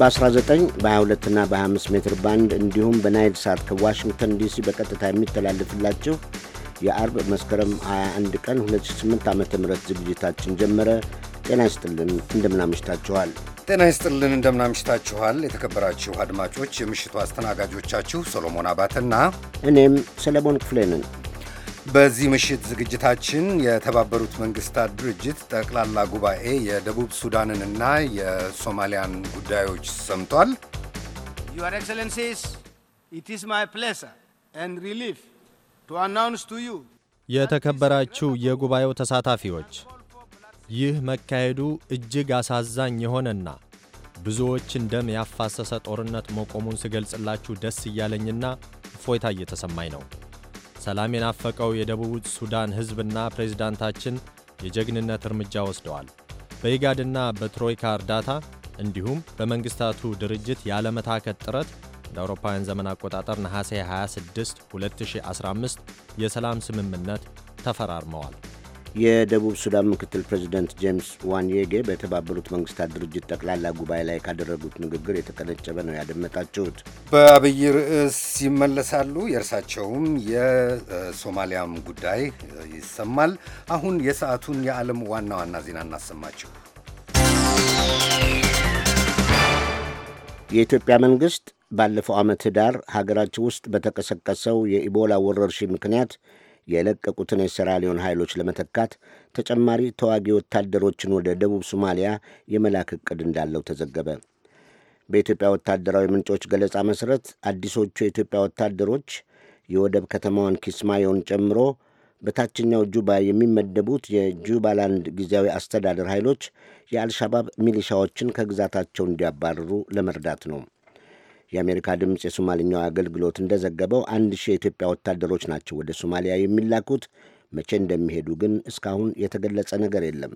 በ19 በ22ና በ25 ሜትር ባንድ እንዲሁም በናይል ሳት ከዋሽንግተን ዲሲ በቀጥታ የሚተላለፍላችሁ የአርብ መስከረም 21 ቀን 2008 ዓ ም ዝግጅታችን ጀመረ። ጤና ይስጥልን፣ እንደምናምሽታችኋል። ጤና ይስጥልን፣ እንደምናምሽታችኋል። የተከበራችሁ አድማጮች፣ የምሽቱ አስተናጋጆቻችሁ ሰሎሞን አባተና እኔም ሰለሞን ክፍሌ ነን። በዚህ ምሽት ዝግጅታችን የተባበሩት መንግስታት ድርጅት ጠቅላላ ጉባኤ የደቡብ ሱዳንንና የሶማሊያን ጉዳዮች ሰምቷል። ዩር ኤክሰለንሲስ ኢት ኢዝ ማይ ኤንድ ሪሊፍ ቱ አናውንስ ቱ ዩ የተከበራችሁ የጉባኤው ተሳታፊዎች ይህ መካሄዱ እጅግ አሳዛኝ የሆነና ብዙዎችን ደም ያፋሰሰ ጦርነት መቆሙን ስገልጽላችሁ ደስ እያለኝና እፎይታ እየተሰማኝ ነው። ሰላም የናፈቀው የደቡብ ሱዳን ሕዝብና ፕሬዝዳንታችን የጀግንነት እርምጃ ወስደዋል። በኢጋድና በትሮይካ እርዳታ እንዲሁም በመንግሥታቱ ድርጅት ያለመታከት ጥረት እንደ አውሮፓውያን ዘመን አቆጣጠር ነሐሴ 26 2015 የሰላም ስምምነት ተፈራርመዋል። የደቡብ ሱዳን ምክትል ፕሬዚደንት ጄምስ ዋንዬጌ በተባበሩት መንግስታት ድርጅት ጠቅላላ ጉባኤ ላይ ካደረጉት ንግግር የተቀነጨበ ነው ያደመጣችሁት። በአብይ ርዕስ ይመለሳሉ። የእርሳቸውም የሶማሊያም ጉዳይ ይሰማል። አሁን የሰዓቱን የዓለም ዋና ዋና ዜና እናሰማችሁ። የኢትዮጵያ መንግስት ባለፈው ዓመት ህዳር ሀገራችን ውስጥ በተቀሰቀሰው የኢቦላ ወረርሽኝ ምክንያት የለቀቁትን የሴራሊዮን ኃይሎች ለመተካት ተጨማሪ ተዋጊ ወታደሮችን ወደ ደቡብ ሶማሊያ የመላክ ዕቅድ እንዳለው ተዘገበ። በኢትዮጵያ ወታደራዊ ምንጮች ገለጻ መሠረት አዲሶቹ የኢትዮጵያ ወታደሮች የወደብ ከተማዋን ኪስማዮን ጨምሮ በታችኛው ጁባ የሚመደቡት የጁባላንድ ጊዜያዊ አስተዳደር ኃይሎች የአልሻባብ ሚሊሻዎችን ከግዛታቸው እንዲያባርሩ ለመርዳት ነው። የአሜሪካ ድምፅ የሶማልኛው አገልግሎት እንደዘገበው አንድ ሺህ የኢትዮጵያ ወታደሮች ናቸው ወደ ሶማሊያ የሚላኩት። መቼ እንደሚሄዱ ግን እስካሁን የተገለጸ ነገር የለም።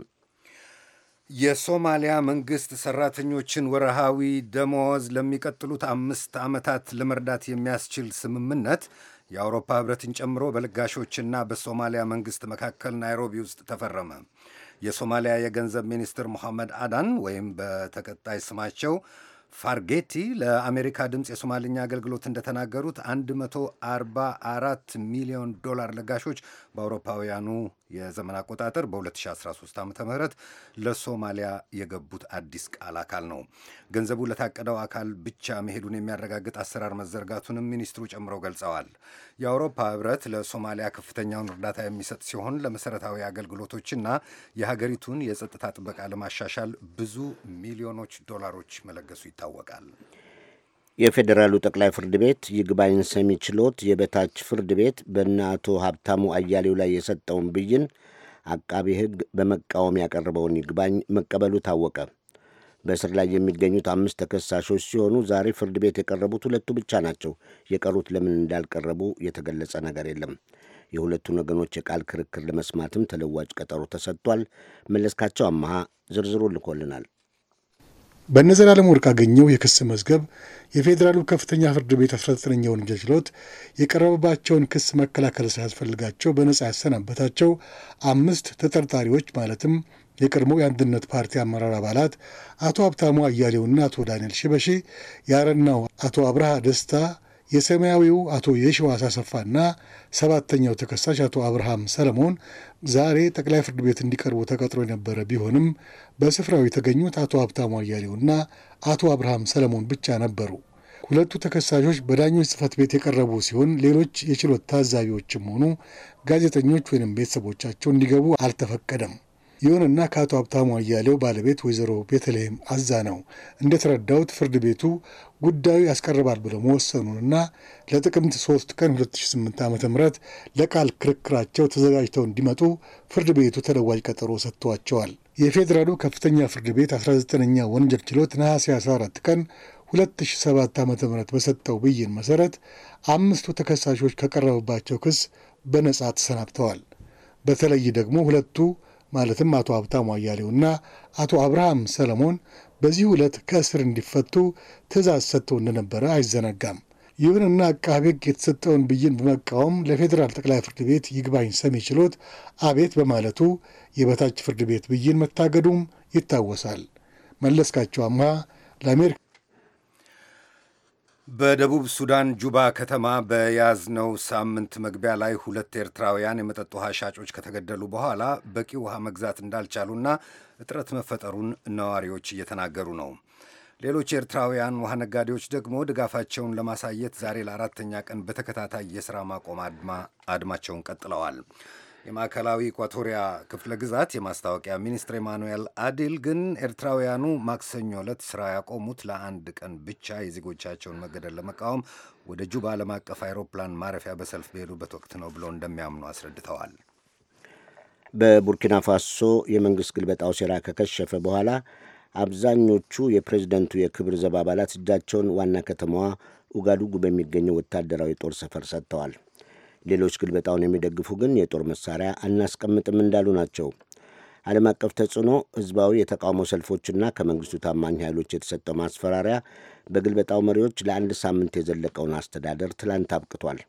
የሶማሊያ መንግስት ሰራተኞችን ወርሃዊ ደሞዝ ለሚቀጥሉት አምስት ዓመታት ለመርዳት የሚያስችል ስምምነት የአውሮፓ ህብረትን ጨምሮ በለጋሾችና በሶማሊያ መንግስት መካከል ናይሮቢ ውስጥ ተፈረመ። የሶማሊያ የገንዘብ ሚኒስትር ሙሐመድ አዳን ወይም በተቀጣይ ስማቸው ፋርጌቲ ለአሜሪካ ድምፅ የሶማልኛ አገልግሎት እንደተናገሩት 144 ሚሊዮን ዶላር ለጋሾች በአውሮፓውያኑ የዘመን አቆጣጠር በ2013 ዓ ም ለሶማሊያ የገቡት አዲስ ቃል አካል ነው። ገንዘቡ ለታቀደው አካል ብቻ መሄዱን የሚያረጋግጥ አሰራር መዘርጋቱንም ሚኒስትሩ ጨምረው ገልጸዋል። የአውሮፓ ህብረት ለሶማሊያ ከፍተኛውን እርዳታ የሚሰጥ ሲሆን ለመሰረታዊ አገልግሎቶችና የሀገሪቱን የጸጥታ ጥበቃ ለማሻሻል ብዙ ሚሊዮኖች ዶላሮች መለገሱ ይታወቃል። የፌዴራሉ ጠቅላይ ፍርድ ቤት ይግባኝ ሰሚ ችሎት የበታች ፍርድ ቤት በእነ አቶ ሀብታሙ አያሌው ላይ የሰጠውን ብይን አቃቢ ሕግ በመቃወም ያቀረበውን ይግባኝ መቀበሉ ታወቀ። በእስር ላይ የሚገኙት አምስት ተከሳሾች ሲሆኑ ዛሬ ፍርድ ቤት የቀረቡት ሁለቱ ብቻ ናቸው። የቀሩት ለምን እንዳልቀረቡ የተገለጸ ነገር የለም። የሁለቱን ወገኖች የቃል ክርክር ለመስማትም ተለዋጭ ቀጠሮ ተሰጥቷል። መለስካቸው አመሃ ዝርዝሩ ልኮልናል። በእነ ዘላለም ወርቅ አገኘው የክስ መዝገብ የፌዴራሉ ከፍተኛ ፍርድ ቤት 19ኛ ወንጀል ችሎት የቀረበባቸውን ክስ መከላከል ሳያስፈልጋቸው በነጻ ያሰናበታቸው አምስት ተጠርጣሪዎች ማለትም የቀድሞ የአንድነት ፓርቲ አመራር አባላት አቶ ሀብታሙ አያሌውና አቶ ዳንኤል ሽበሺ፣ የአረናው አቶ አብርሃ ደስታ የሰማያዊው አቶ የሺዋስ አሰፋና ሰባተኛው ተከሳሽ አቶ አብርሃም ሰለሞን ዛሬ ጠቅላይ ፍርድ ቤት እንዲቀርቡ ተቀጥሮ የነበረ ቢሆንም በስፍራው የተገኙት አቶ ሀብታሙ አያሌውና አቶ አብርሃም ሰለሞን ብቻ ነበሩ። ሁለቱ ተከሳሾች በዳኞች ጽህፈት ቤት የቀረቡ ሲሆን ሌሎች የችሎት ታዛቢዎችም ሆኑ ጋዜጠኞች ወይም ቤተሰቦቻቸው እንዲገቡ አልተፈቀደም። ይሁንና ከአቶ ሀብታሙ አያሌው ባለቤት ወይዘሮ ቤተልሔም አዛ ነው እንደተረዳሁት ፍርድ ቤቱ ጉዳዩ ያስቀርባል ብለው መወሰኑንና ለጥቅምት 3 ቀን 2008 ዓ ም ለቃል ክርክራቸው ተዘጋጅተው እንዲመጡ ፍርድ ቤቱ ተለዋጭ ቀጠሮ ሰጥቷቸዋል። የፌዴራሉ ከፍተኛ ፍርድ ቤት 19ኛ ወንጀል ችሎት ነሐሴ 14 ቀን 2007 ዓ ም በሰጠው ብይን መሠረት አምስቱ ተከሳሾች ከቀረበባቸው ክስ በነጻ ተሰናብተዋል። በተለይ ደግሞ ሁለቱ ማለትም አቶ ሀብታሙ አያሌውና አቶ አብርሃም ሰለሞን በዚህ ዕለት ከእስር እንዲፈቱ ትእዛዝ ሰጥተው እንደነበረ አይዘነጋም። ይሁንና አቃቤ ሕግ የተሰጠውን ብይን በመቃወም ለፌዴራል ጠቅላይ ፍርድ ቤት ይግባኝ ሰሚ ችሎት አቤት በማለቱ የበታች ፍርድ ቤት ብይን መታገዱም ይታወሳል። መለስካቸው አምሃ ለአሜሪካ በደቡብ ሱዳን ጁባ ከተማ በያዝነው ሳምንት መግቢያ ላይ ሁለት ኤርትራውያን የመጠጥ ውሃ ሻጮች ከተገደሉ በኋላ በቂ ውሃ መግዛት እንዳልቻሉና እጥረት መፈጠሩን ነዋሪዎች እየተናገሩ ነው። ሌሎች ኤርትራውያን ውሃ ነጋዴዎች ደግሞ ድጋፋቸውን ለማሳየት ዛሬ ለአራተኛ ቀን በተከታታይ የሥራ ማቆም አድማ አድማቸውን ቀጥለዋል። የማዕከላዊ ኢኳቶሪያ ክፍለ ግዛት የማስታወቂያ ሚኒስትር ኤማኑኤል አዲል ግን ኤርትራውያኑ ማክሰኞ ዕለት ስራ ያቆሙት ለአንድ ቀን ብቻ የዜጎቻቸውን መገደል ለመቃወም ወደ ጁባ ዓለም አቀፍ አይሮፕላን ማረፊያ በሰልፍ በሄዱበት ወቅት ነው ብለው እንደሚያምኑ አስረድተዋል። በቡርኪና ፋሶ የመንግሥት ግልበጣ ሴራ ከከሸፈ በኋላ አብዛኞቹ የፕሬዝደንቱ የክብር ዘብ አባላት እጃቸውን ዋና ከተማዋ ኡጋዱጉ በሚገኘው ወታደራዊ ጦር ሰፈር ሰጥተዋል። ሌሎች ግልበጣውን የሚደግፉ ግን የጦር መሳሪያ አናስቀምጥም እንዳሉ ናቸው። ዓለም አቀፍ ተጽዕኖ፣ ህዝባዊ የተቃውሞ ሰልፎችና ከመንግስቱ ታማኝ ኃይሎች የተሰጠው ማስፈራሪያ በግልበጣው መሪዎች ለአንድ ሳምንት የዘለቀውን አስተዳደር ትላንት አብቅቷል።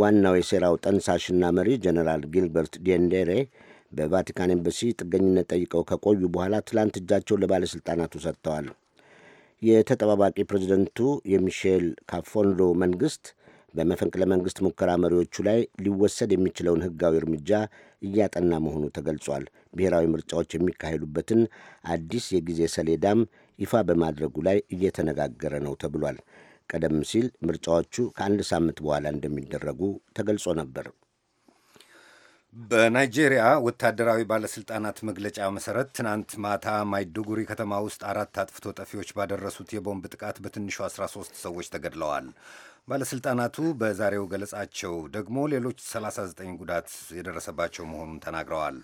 ዋናው የሴራው ጠንሳሽና መሪ ጀነራል ጊልበርት ዴንዴሬ በቫቲካን ኤምበሲ ጥገኝነት ጠይቀው ከቆዩ በኋላ ትላንት እጃቸውን ለባለሥልጣናቱ ሰጥተዋል። የተጠባባቂ ፕሬዚደንቱ የሚሼል ካፎንዶ መንግሥት በመፈንቅለ መንግሥት ሙከራ መሪዎቹ ላይ ሊወሰድ የሚችለውን ሕጋዊ እርምጃ እያጠና መሆኑ ተገልጿል። ብሔራዊ ምርጫዎች የሚካሄዱበትን አዲስ የጊዜ ሰሌዳም ይፋ በማድረጉ ላይ እየተነጋገረ ነው ተብሏል። ቀደም ሲል ምርጫዎቹ ከአንድ ሳምንት በኋላ እንደሚደረጉ ተገልጾ ነበር። በናይጄሪያ ወታደራዊ ባለስልጣናት መግለጫ መሰረት ትናንት ማታ ማይዱጉሪ ከተማ ውስጥ አራት አጥፍቶ ጠፊዎች ባደረሱት የቦምብ ጥቃት በትንሹ 13 ሰዎች ተገድለዋል። ባለሥልጣናቱ በዛሬው ገለጻቸው ደግሞ ሌሎች 39 ጉዳት የደረሰባቸው መሆኑን ተናግረዋል።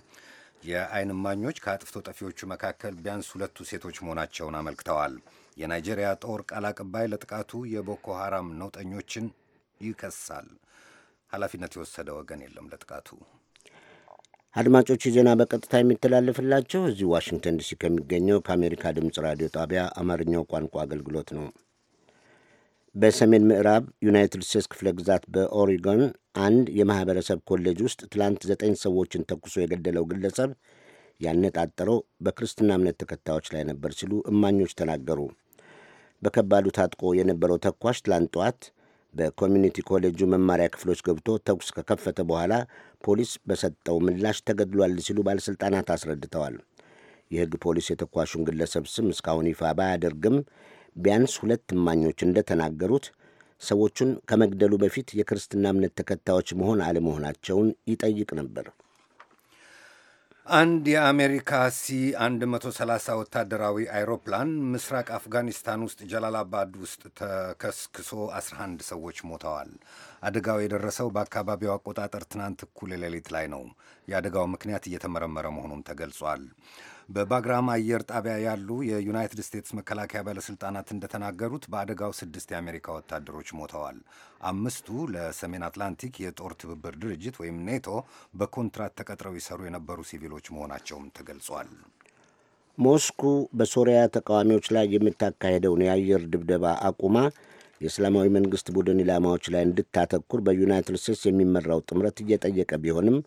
የአይን እማኞች ከአጥፍቶ ጠፊዎቹ መካከል ቢያንስ ሁለቱ ሴቶች መሆናቸውን አመልክተዋል። የናይጄሪያ ጦር ቃል አቀባይ ለጥቃቱ የቦኮ ሐራም ነውጠኞችን ይከሳል። ኃላፊነት የወሰደ ወገን የለም ለጥቃቱ። አድማጮች ዜና በቀጥታ የሚተላለፍላቸው እዚህ ዋሽንግተን ዲሲ ከሚገኘው ከአሜሪካ ድምፅ ራዲዮ ጣቢያ አማርኛው ቋንቋ አገልግሎት ነው። በሰሜን ምዕራብ ዩናይትድ ስቴትስ ክፍለ ግዛት በኦሪጎን አንድ የማኅበረሰብ ኮሌጅ ውስጥ ትላንት ዘጠኝ ሰዎችን ተኩሶ የገደለው ግለሰብ ያነጣጠረው በክርስትና እምነት ተከታዮች ላይ ነበር ሲሉ እማኞች ተናገሩ። በከባዱ ታጥቆ የነበረው ተኳሽ ትላንት ጠዋት በኮሚኒቲ ኮሌጁ መማሪያ ክፍሎች ገብቶ ተኩስ ከከፈተ በኋላ ፖሊስ በሰጠው ምላሽ ተገድሏል ሲሉ ባለሥልጣናት አስረድተዋል። የሕግ ፖሊስ የተኳሹን ግለሰብ ስም እስካሁን ይፋ ባያደርግም ቢያንስ ሁለት እማኞች እንደተናገሩት ሰዎቹን ከመግደሉ በፊት የክርስትና እምነት ተከታዮች መሆን አለመሆናቸውን ይጠይቅ ነበር። አንድ የአሜሪካ ሲ 130 ወታደራዊ አይሮፕላን ምስራቅ አፍጋኒስታን ውስጥ ጀላላባድ ውስጥ ተከስክሶ 11 ሰዎች ሞተዋል። አደጋው የደረሰው በአካባቢው አቆጣጠር ትናንት እኩለ ሌሊት ላይ ነው። የአደጋው ምክንያት እየተመረመረ መሆኑም ተገልጿል። በባግራም አየር ጣቢያ ያሉ የዩናይትድ ስቴትስ መከላከያ ባለሥልጣናት እንደተናገሩት በአደጋው ስድስት የአሜሪካ ወታደሮች ሞተዋል። አምስቱ ለሰሜን አትላንቲክ የጦር ትብብር ድርጅት ወይም ኔቶ በኮንትራት ተቀጥረው ይሰሩ የነበሩ ሲቪሎች መሆናቸውም ተገልጿል። ሞስኩ በሶሪያ ተቃዋሚዎች ላይ የምታካሄደውን የአየር ድብደባ አቁማ የእስላማዊ መንግሥት ቡድን ኢላማዎች ላይ እንድታተኩር በዩናይትድ ስቴትስ የሚመራው ጥምረት እየጠየቀ ቢሆንም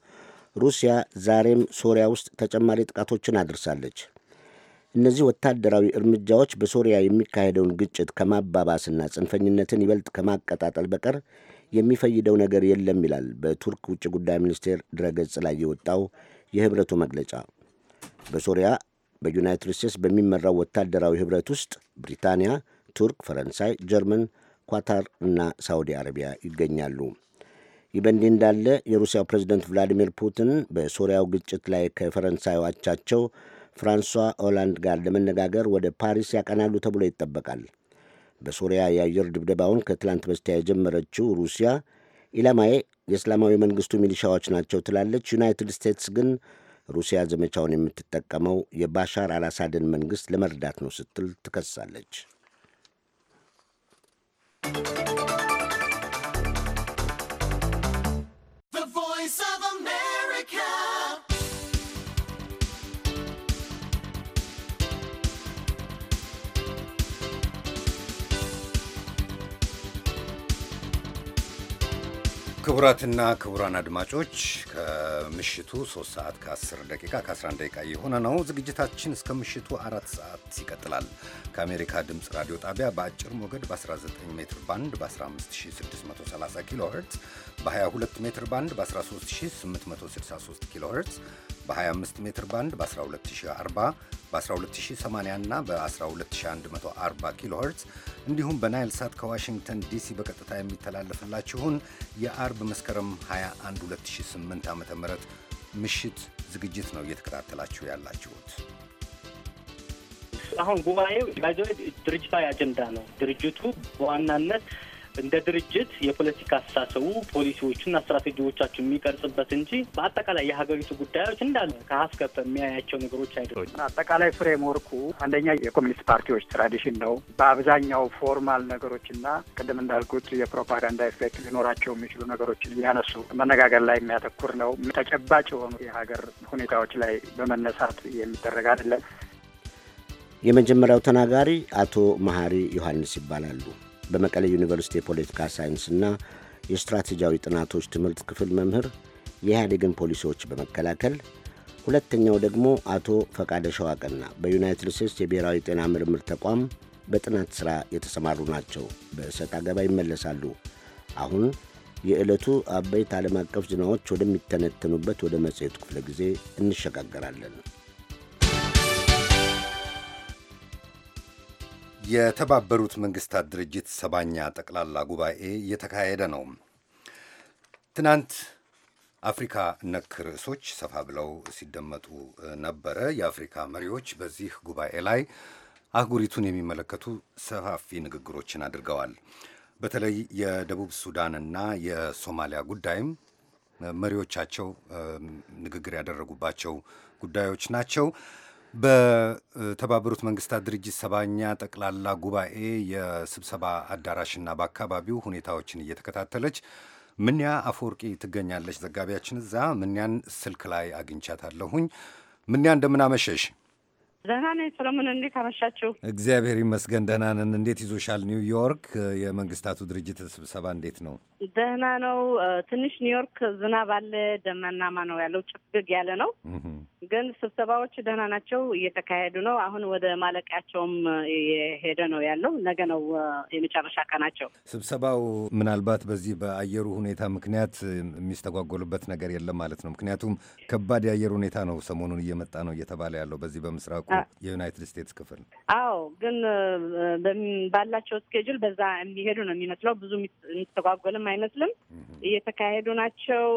ሩሲያ ዛሬም ሶሪያ ውስጥ ተጨማሪ ጥቃቶችን አድርሳለች። እነዚህ ወታደራዊ እርምጃዎች በሶሪያ የሚካሄደውን ግጭት ከማባባስና ጽንፈኝነትን ይበልጥ ከማቀጣጠል በቀር የሚፈይደው ነገር የለም ይላል በቱርክ ውጭ ጉዳይ ሚኒስቴር ድረገጽ ላይ የወጣው የህብረቱ መግለጫ። በሶሪያ በዩናይትድ ስቴትስ በሚመራው ወታደራዊ ህብረት ውስጥ ብሪታንያ፣ ቱርክ፣ ፈረንሳይ፣ ጀርመን፣ ኳታር እና ሳውዲ አረቢያ ይገኛሉ። ይህ በእንዲህ እንዳለ የሩሲያው ፕሬዚደንት ቭላዲሚር ፑቲን በሶሪያው ግጭት ላይ ከፈረንሳዮቻቸው አቻቸው ፍራንሷ ኦላንድ ጋር ለመነጋገር ወደ ፓሪስ ያቀናሉ ተብሎ ይጠበቃል። በሶሪያ የአየር ድብደባውን ከትላንት በስቲያ የጀመረችው ሩሲያ ኢላማዬ የእስላማዊ መንግስቱ ሚሊሻዎች ናቸው ትላለች። ዩናይትድ ስቴትስ ግን ሩሲያ ዘመቻውን የምትጠቀመው የባሻር አልአሳድን መንግሥት ለመርዳት ነው ስትል ትከሳለች። ክቡራትና ክቡራን አድማጮች ከምሽቱ 3 ሰዓት ከ10 ደቂቃ ከ11 ደቂቃ የሆነ ነው። ዝግጅታችን እስከ ምሽቱ አራት ሰዓት ይቀጥላል። ከአሜሪካ ድምፅ ራዲዮ ጣቢያ በአጭር ሞገድ በ19 ሜትር ባንድ በ15630 ኪሎ ሄርትዝ በ22 ሜትር ባንድ በ13863 ኪሎ በ25 ሜትር ባንድ በ 1240 በ12080 እና በ12140 ኪሎ እንዲሁም በናይል ሳት ከዋሽንግተን ዲሲ በቀጥታ የሚተላለፍላችሁን የአርብ መስከረም 21 2008 ዓ ም ምሽት ዝግጅት ነው እየተከታተላችሁ ያላችሁት። አሁን ጉባኤው ድርጅታዊ አጀንዳ ነው። ድርጅቱ በዋናነት እንደ ድርጅት የፖለቲካ አስተሳሰቡ ፖሊሲዎቹና ስትራቴጂዎቻቸው የሚቀርጽበት እንጂ በአጠቃላይ የሀገሪቱ ጉዳዮች እንዳለ ከሀፍ የሚያያቸው ነገሮች አይደሉም። አጠቃላይ ፍሬምወርኩ አንደኛ የኮሚኒስት ፓርቲዎች ትራዲሽን ነው። በአብዛኛው ፎርማል ነገሮችና ቅድም እንዳልኩት የፕሮፓጋንዳ ኤፌክት ሊኖራቸው የሚችሉ ነገሮችን እያነሱ መነጋገር ላይ የሚያተኩር ነው። ተጨባጭ የሆኑ የሀገር ሁኔታዎች ላይ በመነሳት የሚደረግ አይደለም። የመጀመሪያው ተናጋሪ አቶ መሀሪ ዮሐንስ ይባላሉ። በመቀሌ ዩኒቨርሲቲ የፖለቲካ ሳይንስና የስትራቴጂያዊ ጥናቶች ትምህርት ክፍል መምህር የኢህአዴግን ፖሊሲዎች በመከላከል ሁለተኛው ደግሞ አቶ ፈቃደ ሸዋቀና በዩናይትድ ስቴትስ የብሔራዊ ጤና ምርምር ተቋም በጥናት ሥራ የተሰማሩ ናቸው። በእሰጥ አገባ ይመለሳሉ። አሁን የዕለቱ አበይት ዓለም አቀፍ ዜናዎች ወደሚተነተኑበት ወደ መጽሔቱ ክፍለ ጊዜ እንሸጋገራለን። የተባበሩት መንግስታት ድርጅት ሰባኛ ጠቅላላ ጉባኤ እየተካሄደ ነው። ትናንት አፍሪካ ነክ ርዕሶች ሰፋ ብለው ሲደመጡ ነበረ። የአፍሪካ መሪዎች በዚህ ጉባኤ ላይ አህጉሪቱን የሚመለከቱ ሰፋፊ ንግግሮችን አድርገዋል። በተለይ የደቡብ ሱዳንና የሶማሊያ ጉዳይም መሪዎቻቸው ንግግር ያደረጉባቸው ጉዳዮች ናቸው። በተባበሩት መንግስታት ድርጅት ሰባኛ ጠቅላላ ጉባኤ የስብሰባ አዳራሽና በአካባቢው ሁኔታዎችን እየተከታተለች ምንያ አፈወርቂ ትገኛለች። ዘጋቢያችን እዛ ምንያን ስልክ ላይ አግኝቻታለሁኝ። ምንያ እንደምን አመሸሽ? ደህና ነኝ ሰለሞን፣ እንዴት አመሻችሁ? እግዚአብሔር ይመስገን ደህና ነን። እንዴት ይዞሻል? ኒውዮርክ የመንግስታቱ ድርጅት ስብሰባ እንዴት ነው? ደህና ነው። ትንሽ ኒውዮርክ ዝናብ አለ፣ ደመናማ ነው ያለው፣ ጭፍግግ ያለ ነው ግን ስብሰባዎች ደህና ናቸው፣ እየተካሄዱ ነው። አሁን ወደ ማለቂያቸውም የሄደ ነው ያለው። ነገ ነው የመጨረሻ ቀናቸው። ስብሰባው ምናልባት በዚህ በአየሩ ሁኔታ ምክንያት የሚስተጓጎሉበት ነገር የለም ማለት ነው። ምክንያቱም ከባድ የአየር ሁኔታ ነው ሰሞኑን እየመጣ ነው እየተባለ ያለው በዚህ በምስራቁ የዩናይትድ ስቴትስ ክፍል። አዎ፣ ግን ባላቸው እስኬጁል በዛ የሚሄዱ ነው የሚመስለው። ብዙ የሚስተጓጎልም አይመስልም። እየተካሄዱ ናቸው።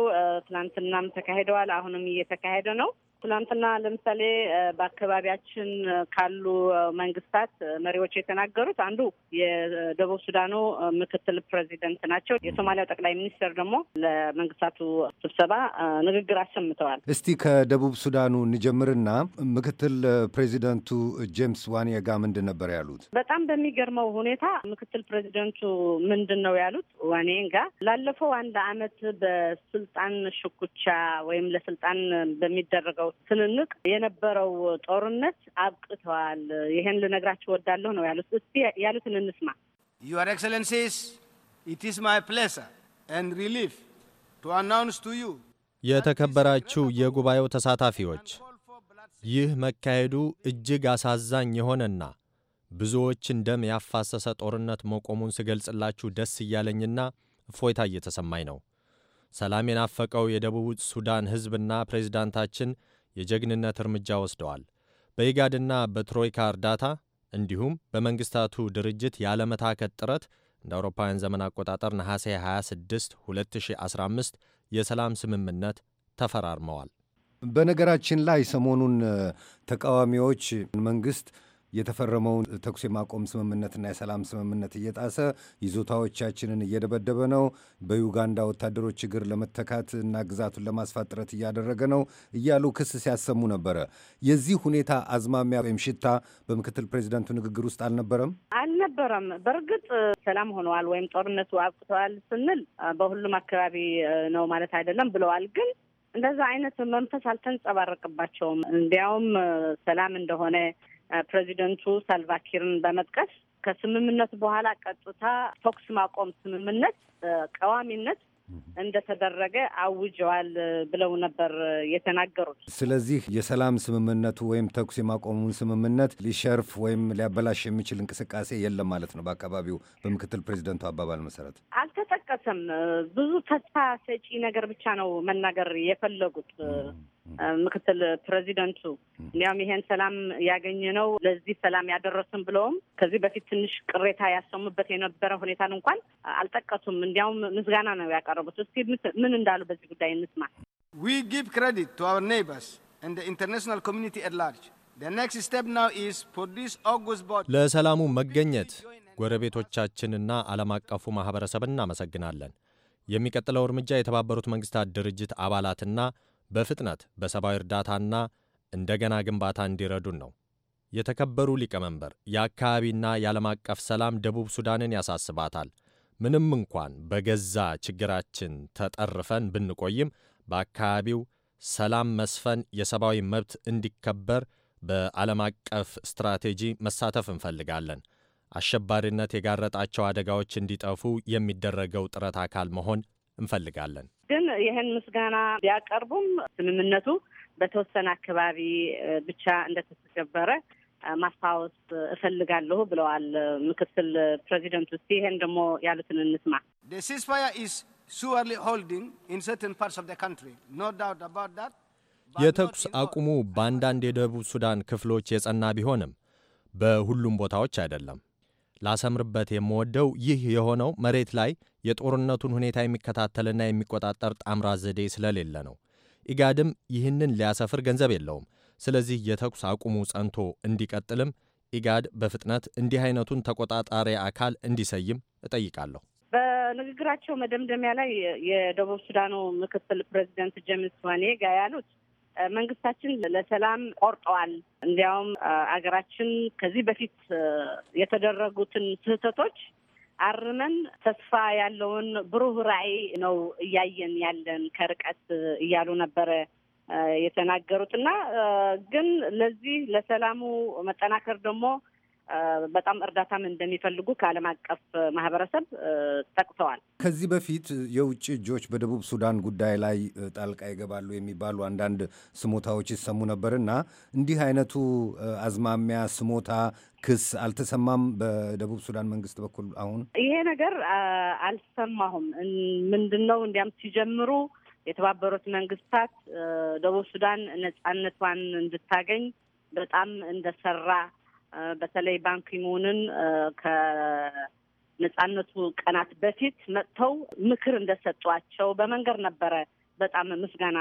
ትናንትናም ተካሄደዋል አሁንም እየተካሄደ ነው። ትናንትና ለምሳሌ በአካባቢያችን ካሉ መንግስታት መሪዎች የተናገሩት አንዱ የደቡብ ሱዳኑ ምክትል ፕሬዚደንት ናቸው። የሶማሊያው ጠቅላይ ሚኒስትር ደግሞ ለመንግስታቱ ስብሰባ ንግግር አሰምተዋል። እስቲ ከደቡብ ሱዳኑ እንጀምርና ምክትል ፕሬዚደንቱ ጄምስ ዋንየጋ ምንድን ነበር ያሉት? በጣም በሚገርመው ሁኔታ ምክትል ፕሬዚደንቱ ምንድን ነው ያሉት? ዋንየጋ ላለፈው አንድ አመት በስልጣን ሽኩቻ ወይም ለስልጣን በሚደረገው ትንንቅ የነበረው ጦርነት አብቅተዋል። ይሄን ልነግራቸው ወዳለሁ ነው ያሉት። እስቲ ያሉትን እንስማ። ዩር ኤክሰለንሲስ ኢት ማይ ፕሌሰር ኤንድ ሪሊፍ ቱ አናውንስ ቱ ዩ የተከበራችሁ የጉባኤው ተሳታፊዎች ይህ መካሄዱ እጅግ አሳዛኝ የሆነና ብዙዎችን ደም ያፋሰሰ ጦርነት መቆሙን ስገልጽላችሁ ደስ እያለኝና እፎይታ እየተሰማኝ ነው። ሰላም የናፈቀው የደቡብ ሱዳን ሕዝብና ፕሬዚዳንታችን የጀግንነት እርምጃ ወስደዋል። በኢጋድና በትሮይካ እርዳታ እንዲሁም በመንግስታቱ ድርጅት ያለመታከት ጥረት እንደ አውሮፓውያን ዘመን አቆጣጠር ነሐሴ 26 2015 የሰላም ስምምነት ተፈራርመዋል። በነገራችን ላይ ሰሞኑን ተቃዋሚዎች መንግስት የተፈረመውን ተኩስ የማቆም ስምምነትና የሰላም ስምምነት እየጣሰ ይዞታዎቻችንን እየደበደበ ነው፣ በዩጋንዳ ወታደሮች እግር ለመተካት እና ግዛቱን ለማስፋት ጥረት እያደረገ ነው እያሉ ክስ ሲያሰሙ ነበረ። የዚህ ሁኔታ አዝማሚያ ወይም ሽታ በምክትል ፕሬዚደንቱ ንግግር ውስጥ አልነበረም አልነበረም። በእርግጥ ሰላም ሆነዋል ወይም ጦርነቱ አብቅተዋል ስንል በሁሉም አካባቢ ነው ማለት አይደለም ብለዋል ግን እንደዛ አይነት መንፈስ አልተንጸባረቅባቸውም። እንዲያውም ሰላም እንደሆነ ፕሬዚደንቱ ሳልቫኪርን በመጥቀስ ከስምምነት በኋላ ቀጥታ ተኩስ ማቆም ስምምነት ቀዋሚነት እንደተደረገ አውጀዋል ብለው ነበር የተናገሩት። ስለዚህ የሰላም ስምምነቱ ወይም ተኩስ የማቆሙን ስምምነት ሊሸርፍ ወይም ሊያበላሽ የሚችል እንቅስቃሴ የለም ማለት ነው። በአካባቢው በምክትል ፕሬዚደንቱ አባባል መሰረት አልተጠቀሰም። ብዙ ተስፋ ሰጪ ነገር ብቻ ነው መናገር የፈለጉት። ምክትል ፕሬዚደንቱ እንዲያውም ይሄን ሰላም ያገኘ ነው ለዚህ ሰላም ያደረሱን ብለውም ከዚህ በፊት ትንሽ ቅሬታ ያሰሙበት የነበረ ሁኔታን እንኳን አልጠቀሱም። እንዲያውም ምስጋና ነው ያቀረቡት። እስኪ ምን እንዳሉ በዚህ ጉዳይ እንስማ። ዊ ጊቭ ክሬዲት ቱ አወር ኔይበርስ ኤንድ ኢንተርናሽናል ኮሚኒቲ አት ላርጅ ለሰላሙ መገኘት ጎረቤቶቻችንና ዓለም አቀፉ ማኅበረሰብ እናመሰግናለን። የሚቀጥለው እርምጃ የተባበሩት መንግሥታት ድርጅት አባላትና በፍጥነት በሰብአዊ እርዳታና እንደገና ግንባታ እንዲረዱን ነው። የተከበሩ ሊቀመንበር፣ የአካባቢና የዓለም አቀፍ ሰላም ደቡብ ሱዳንን ያሳስባታል። ምንም እንኳን በገዛ ችግራችን ተጠርፈን ብንቆይም በአካባቢው ሰላም መስፈን፣ የሰብአዊ መብት እንዲከበር በዓለም አቀፍ ስትራቴጂ መሳተፍ እንፈልጋለን። አሸባሪነት የጋረጣቸው አደጋዎች እንዲጠፉ የሚደረገው ጥረት አካል መሆን እንፈልጋለን። ግን ይህን ምስጋና ቢያቀርቡም ስምምነቱ በተወሰነ አካባቢ ብቻ እንደተተገበረ ማስታወስ እፈልጋለሁ ብለዋል ምክትል ፕሬዚደንቱ። እስቲ ይህን ደግሞ ያሉትን እንስማ። የተኩስ አቁሙ በአንዳንድ የደቡብ ሱዳን ክፍሎች የጸና ቢሆንም በሁሉም ቦታዎች አይደለም። ላሰምርበት የምወደው ይህ የሆነው መሬት ላይ የጦርነቱን ሁኔታ የሚከታተልና የሚቆጣጠር ጣምራ ዘዴ ስለሌለ ነው። ኢጋድም ይህንን ሊያሰፍር ገንዘብ የለውም። ስለዚህ የተኩስ አቁሙ ጸንቶ እንዲቀጥልም ኢጋድ በፍጥነት እንዲህ አይነቱን ተቆጣጣሪ አካል እንዲሰይም እጠይቃለሁ። በንግግራቸው መደምደሚያ ላይ የደቡብ ሱዳኑ ምክትል ፕሬዚደንት ጀምስ ዋኔጋ ያሉት መንግስታችን ለሰላም ቆርጠዋል። እንዲያውም አገራችን ከዚህ በፊት የተደረጉትን ስህተቶች አርመን ተስፋ ያለውን ብሩህ ራዕይ ነው እያየን ያለን ከርቀት እያሉ ነበረ የተናገሩት እና ግን ለዚህ ለሰላሙ መጠናከር ደግሞ በጣም እርዳታም እንደሚፈልጉ ከዓለም አቀፍ ማህበረሰብ ጠቅሰዋል። ከዚህ በፊት የውጭ እጆች በደቡብ ሱዳን ጉዳይ ላይ ጣልቃ ይገባሉ የሚባሉ አንዳንድ ስሞታዎች ይሰሙ ነበርና እንዲህ አይነቱ አዝማሚያ፣ ስሞታ፣ ክስ አልተሰማም በደቡብ ሱዳን መንግስት በኩል? አሁን ይሄ ነገር አልሰማሁም። ምንድን ነው እንዲያም ሲጀምሩ የተባበሩት መንግስታት ደቡብ ሱዳን ነጻነቷን እንድታገኝ በጣም እንደሰራ በተለይ ባንኪሙንን ከነጻነቱ ቀናት በፊት መጥተው ምክር እንደሰጧቸው በመንገድ ነበረ በጣም ምስጋና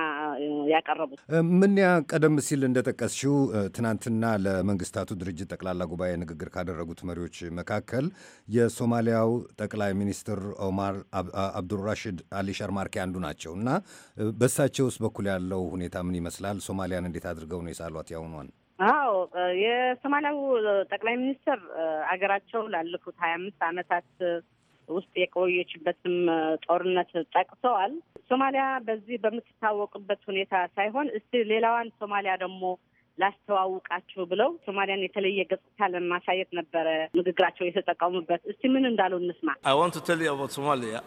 ያቀረቡት ምን ያ ቀደም ሲል እንደጠቀስሽው ትናንትና ለመንግስታቱ ድርጅት ጠቅላላ ጉባኤ ንግግር ካደረጉት መሪዎች መካከል የሶማሊያው ጠቅላይ ሚኒስትር ኦማር አብዱራሽድ አሊ ሸርማርኬ አንዱ ናቸው እና ውስጥ በኩል ያለው ሁኔታ ምን ይመስላል? ሶማሊያን እንዴት አድርገው ነው የሳሏት ያሁኗን? አዎ የሶማሊያው ጠቅላይ ሚኒስትር አገራቸው ላለፉት ሀያ አምስት ዓመታት ውስጥ የቆየችበትም ጦርነት ጠቅሰዋል። ሶማሊያ በዚህ በምትታወቅበት ሁኔታ ሳይሆን እስቲ ሌላዋን ሶማሊያ ደግሞ ላስተዋውቃችሁ ብለው ሶማሊያን የተለየ ገጽታ ለማሳየት ነበረ ንግግራቸው የተጠቀሙበት። እስቲ ምን እንዳሉ እንስማ። I want to tell you about Somalia,